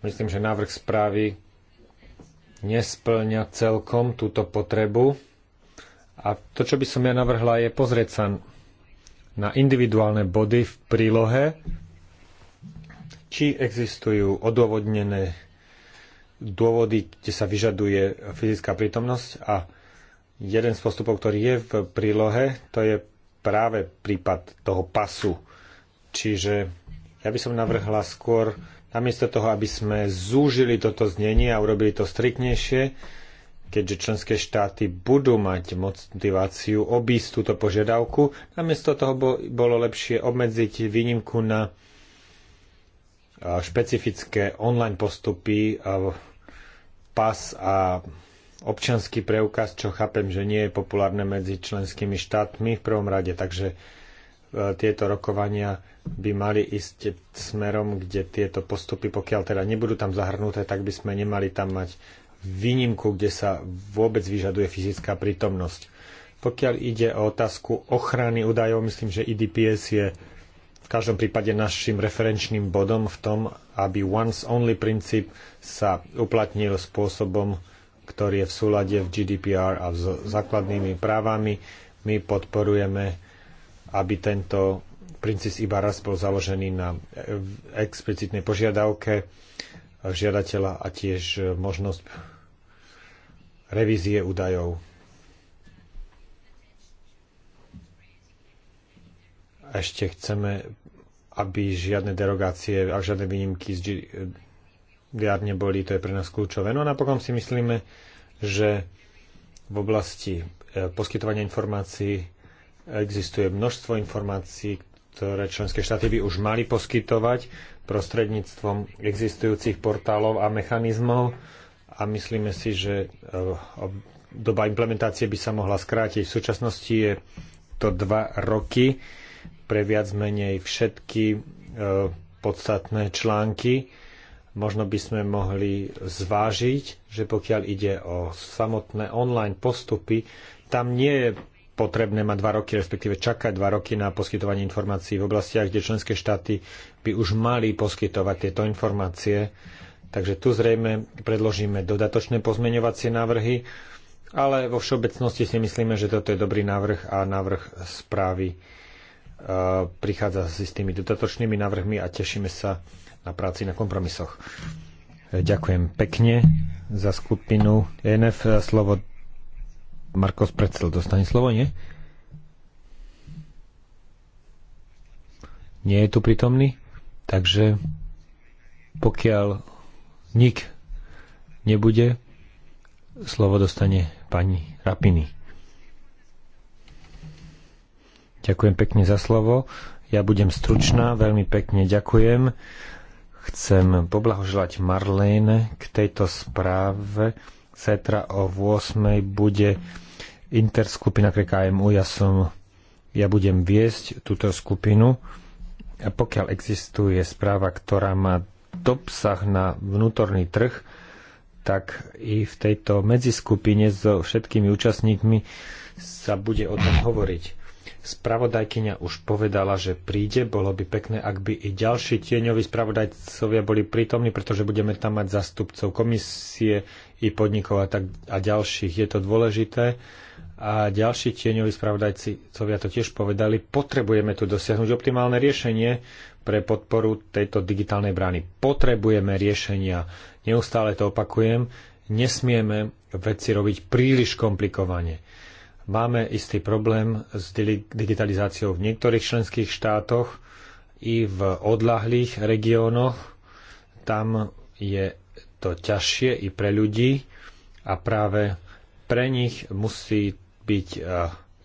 Myslím, že návrh správy nesplňa celkom túto potrebu. A to, čo by som ja navrhla, je pozrieť sa na individuálne body v prílohe, či existujú odôvodnené dôvody, kde sa vyžaduje fyzická prítomnosť a Jeden z postupov, ktorý je v prílohe, to je práve prípad toho pasu. Čiže ja by som navrhla skôr, namiesto toho, aby sme zúžili toto znenie a urobili to striknejšie, keďže členské štáty budú mať motiváciu obísť túto požiadavku, namiesto toho bolo lepšie obmedziť výnimku na špecifické online postupy, pas a občianský preukaz, čo chápem, že nie je populárne medzi členskými štátmi v prvom rade, takže e, tieto rokovania by mali ísť smerom, kde tieto postupy, pokiaľ teda nebudú tam zahrnuté, tak by sme nemali tam mať výnimku, kde sa vôbec vyžaduje fyzická prítomnosť. Pokiaľ ide o otázku ochrany údajov, myslím, že IDPS je v každom prípade našim referenčným bodom v tom, aby once only princíp sa uplatnil spôsobom, ktorý je v súlade v GDPR a s základnými právami. My podporujeme, aby tento princíp iba raz bol založený na explicitnej požiadavke žiadateľa a tiež možnosť revízie údajov. Ešte chceme, aby žiadne derogácie a žiadne výnimky z viac neboli to je pre nás kľúčové. No a napokon si myslíme, že v oblasti e, poskytovania informácií existuje množstvo informácií, ktoré členské štáty by už mali poskytovať prostredníctvom existujúcich portálov a mechanizmov a myslíme si, že e, doba implementácie by sa mohla skrátiť. V súčasnosti je to dva roky pre viac menej všetky e, podstatné články Možno by sme mohli zvážiť, že pokiaľ ide o samotné online postupy, tam nie je potrebné mať dva roky, respektíve čakať dva roky na poskytovanie informácií v oblastiach, kde členské štáty by už mali poskytovať tieto informácie. Takže tu zrejme predložíme dodatočné pozmeňovacie návrhy, ale vo všeobecnosti si myslíme, že toto je dobrý návrh a návrh správy e, prichádza s istými dodatočnými návrhmi a tešíme sa na práci na kompromisoch. Ďakujem pekne za skupinu ENF. Slovo Markos Predsel dostane slovo, nie? Nie je tu prítomný, takže pokiaľ nik nebude, slovo dostane pani Rapiny. Ďakujem pekne za slovo. Ja budem stručná, veľmi pekne ďakujem Chcem poblahoželať Marlene k tejto správe. Zajtra o 8. bude interskupina pre KMU. Ja, som, ja budem viesť túto skupinu. A pokiaľ existuje správa, ktorá má dopsah na vnútorný trh, tak i v tejto medziskupine so všetkými účastníkmi sa bude o tom hovoriť. Spravodajkyňa už povedala, že príde. Bolo by pekné, ak by i ďalší tieňoví spravodajcovia boli prítomní, pretože budeme tam mať zastupcov komisie i podnikov a, tak, a ďalších. Je to dôležité. A ďalší tieňoví spravodajcovia to tiež povedali. Potrebujeme tu dosiahnuť optimálne riešenie pre podporu tejto digitálnej brány. Potrebujeme riešenia. Neustále to opakujem. Nesmieme veci robiť príliš komplikovane Máme istý problém s digitalizáciou v niektorých členských štátoch i v odlahlých regiónoch. Tam je to ťažšie i pre ľudí a práve pre nich musí byť e,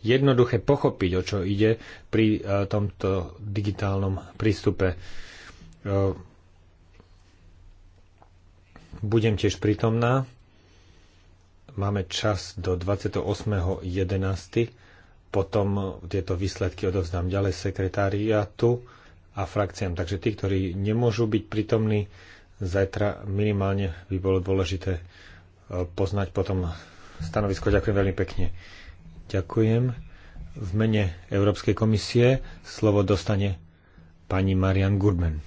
jednoduché pochopiť, o čo ide pri e, tomto digitálnom prístupe. E, budem tiež prítomná máme čas do 28.11. Potom tieto výsledky odovzdám ďalej sekretáriatu a frakciám. Takže tí, ktorí nemôžu byť prítomní, zajtra minimálne by bolo dôležité e, poznať potom stanovisko. Ďakujem veľmi pekne. Ďakujem. V mene Európskej komisie slovo dostane pani Marian Gurman.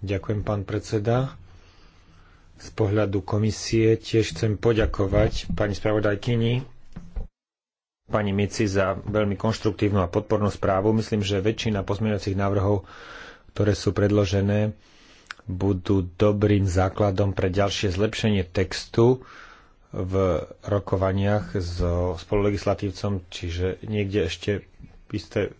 Ďakujem, pán predseda z pohľadu komisie tiež chcem poďakovať pani spravodajkyni, pani Mici za veľmi konštruktívnu a podpornú správu. Myslím, že väčšina pozmeňujúcich návrhov, ktoré sú predložené, budú dobrým základom pre ďalšie zlepšenie textu v rokovaniach so spolulegislatívcom, čiže niekde ešte isté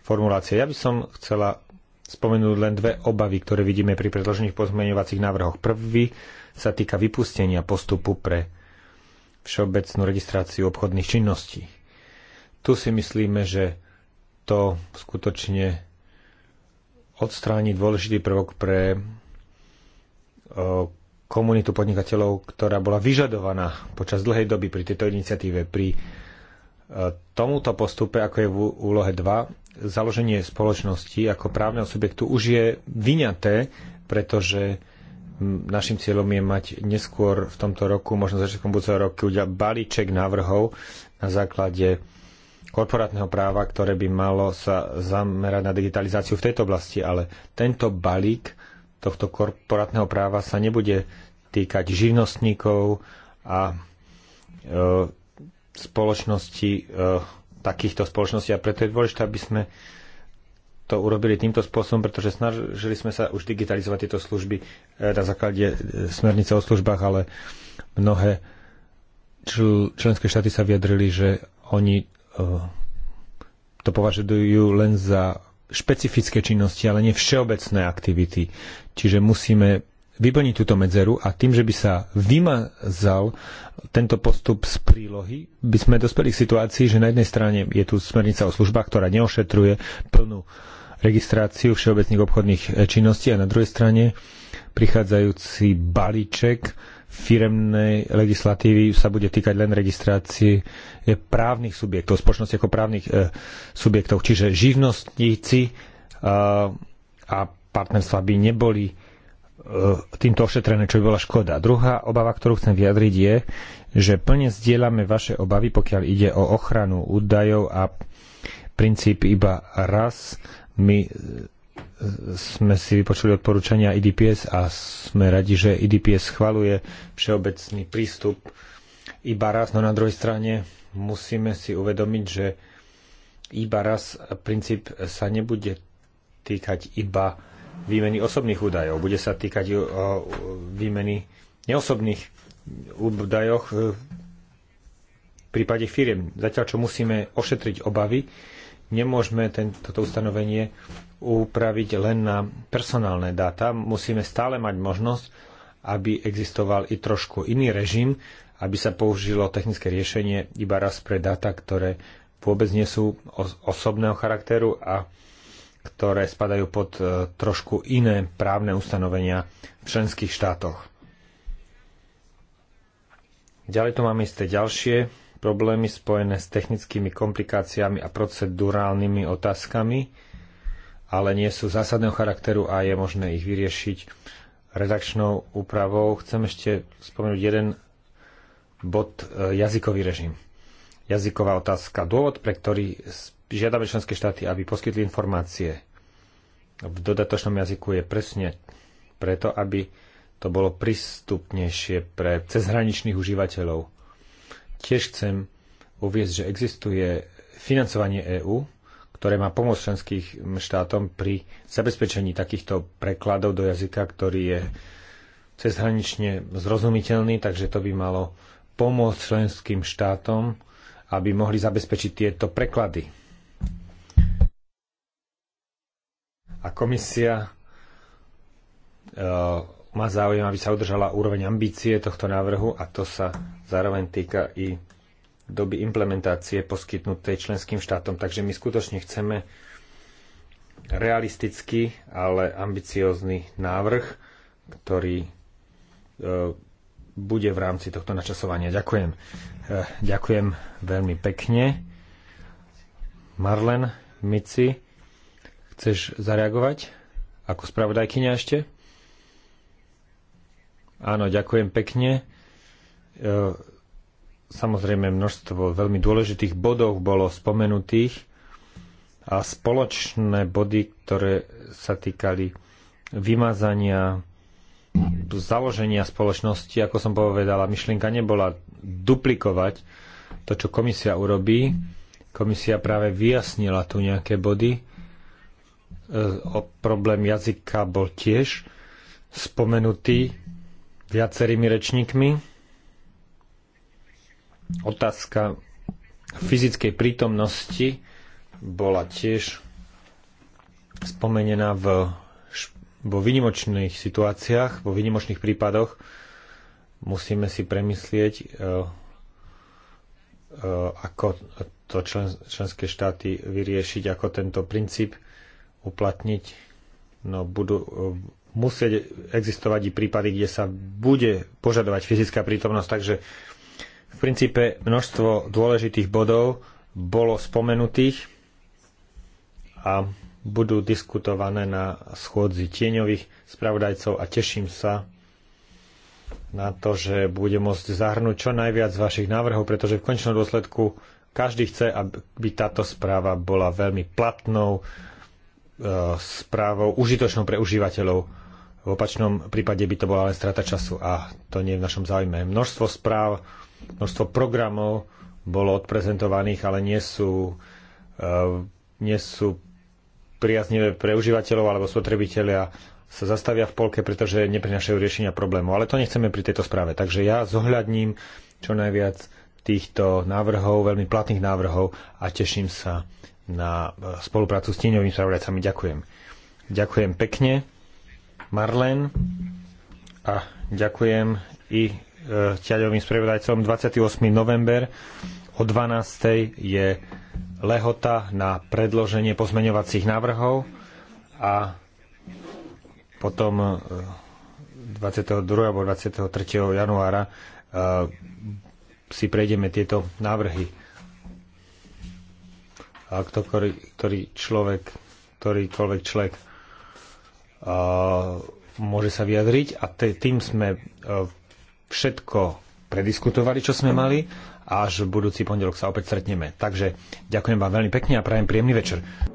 formulácie. Ja by som chcela spomenúť len dve obavy, ktoré vidíme pri predložených pozmeňovacích návrhoch. Prvý sa týka vypustenia postupu pre všeobecnú registráciu obchodných činností. Tu si myslíme, že to skutočne odstráni dôležitý prvok pre komunitu podnikateľov, ktorá bola vyžadovaná počas dlhej doby pri tejto iniciatíve, pri tomuto postupe, ako je v úlohe 2, založenie spoločnosti ako právneho subjektu už je vyňaté, pretože našim cieľom je mať neskôr v tomto roku, možno začiatkom budúceho roku, balíček návrhov na základe korporátneho práva, ktoré by malo sa zamerať na digitalizáciu v tejto oblasti, ale tento balík tohto korporátneho práva sa nebude týkať živnostníkov a e, spoločnosti, e, takýchto spoločností a preto je dôležité, aby sme to urobili týmto spôsobom, pretože snažili sme sa už digitalizovať tieto služby eh, na základe eh, smernice o službách, ale mnohé čl- členské štáty sa vyjadrili, že oni to považujú len za špecifické činnosti, ale nie všeobecné aktivity. Čiže musíme vyplniť túto medzeru a tým, že by sa vymazal tento postup z prílohy, by sme dospeli k situácii, že na jednej strane je tu smernica o službách, ktorá neošetruje plnú registráciu všeobecných obchodných činností a na druhej strane prichádzajúci balíček firemnej legislatívy sa bude týkať len registrácie právnych subjektov, spoločnosti ako právnych e, subjektov, čiže živnostníci e, a partnerstva by neboli E, týmto ošetrené, čo by bola škoda. Druhá obava, ktorú chcem vyjadriť, je, že plne zdieľame vaše obavy, pokiaľ ide o ochranu údajov a princíp iba raz. My e, sme si vypočuli odporúčania IDPS a sme radi, že IDPS schvaluje všeobecný prístup iba raz, no na druhej strane musíme si uvedomiť, že iba raz princíp sa nebude týkať iba výmeny osobných údajov. Bude sa týkať e, o výmeny neosobných údajoch e, v prípade firiem. Zatiaľ, čo musíme ošetriť obavy, nemôžeme toto ustanovenie upraviť len na personálne dáta. Musíme stále mať možnosť, aby existoval i trošku iný režim, aby sa použilo technické riešenie iba raz pre dáta, ktoré vôbec nie sú osobného charakteru a ktoré spadajú pod e, trošku iné právne ustanovenia v členských štátoch. Ďalej tu máme isté ďalšie problémy spojené s technickými komplikáciami a procedurálnymi otázkami, ale nie sú zásadného charakteru a je možné ich vyriešiť redakčnou úpravou. Chcem ešte spomenúť jeden bod, e, jazykový režim. Jazyková otázka. Dôvod, pre ktorý žiadame členské štáty, aby poskytli informácie v dodatočnom jazyku je presne preto, aby to bolo prístupnejšie pre cezhraničných užívateľov. Tiež chcem uviezť, že existuje financovanie EÚ, ktoré má pomôcť členským štátom pri zabezpečení takýchto prekladov do jazyka, ktorý je cezhranične zrozumiteľný, takže to by malo pomôcť členským štátom, aby mohli zabezpečiť tieto preklady a komisia e, má záujem, aby sa udržala úroveň ambície tohto návrhu a to sa zároveň týka i doby implementácie poskytnutej členským štátom. Takže my skutočne chceme realistický, ale ambiciózny návrh, ktorý e, bude v rámci tohto načasovania. Ďakujem. E, ďakujem veľmi pekne. Marlen, Mici, Chceš zareagovať? Ako spravodajkynia ešte? Áno, ďakujem pekne. E, samozrejme, množstvo veľmi dôležitých bodov bolo spomenutých a spoločné body, ktoré sa týkali vymazania, založenia spoločnosti, ako som povedala, myšlienka nebola duplikovať to, čo komisia urobí. Komisia práve vyjasnila tu nejaké body E, o problém jazyka bol tiež spomenutý viacerými rečníkmi. Otázka fyzickej prítomnosti bola tiež spomenená v, vo vynimočných situáciách, vo vynimočných prípadoch. Musíme si premyslieť, e, e, ako to členské štáty vyriešiť, ako tento princíp uplatniť, no budú e, musieť existovať i prípady, kde sa bude požadovať fyzická prítomnosť, takže v princípe množstvo dôležitých bodov bolo spomenutých a budú diskutované na schôdzi tieňových spravodajcov a teším sa na to, že bude môcť zahrnúť čo najviac vašich návrhov, pretože v končnom dôsledku každý chce, aby táto správa bola veľmi platnou, správou užitočnou pre užívateľov. V opačnom prípade by to bola len strata času a to nie je v našom záujme. Množstvo správ, množstvo programov bolo odprezentovaných, ale nie sú, eh, nie sú priaznivé pre užívateľov alebo spotrebitelia sa zastavia v polke, pretože neprinašajú riešenia problému. Ale to nechceme pri tejto správe. Takže ja zohľadním čo najviac týchto návrhov, veľmi platných návrhov a teším sa na spoluprácu s tieňovými spravodajcami. Ďakujem. Ďakujem pekne, Marlen, a ďakujem i e, tieňovým spravodajcom. 28. november o 12. je lehota na predloženie pozmeňovacích návrhov a potom 22. E, alebo 23. januára e, si prejdeme tieto návrhy a kto, ktorý, ktorý človek, ktorýkoľvek človek a, môže sa vyjadriť a te, tým sme a, e, všetko prediskutovali, čo sme mali a až v budúci pondelok sa opäť stretneme. Takže ďakujem vám veľmi pekne a prajem príjemný večer.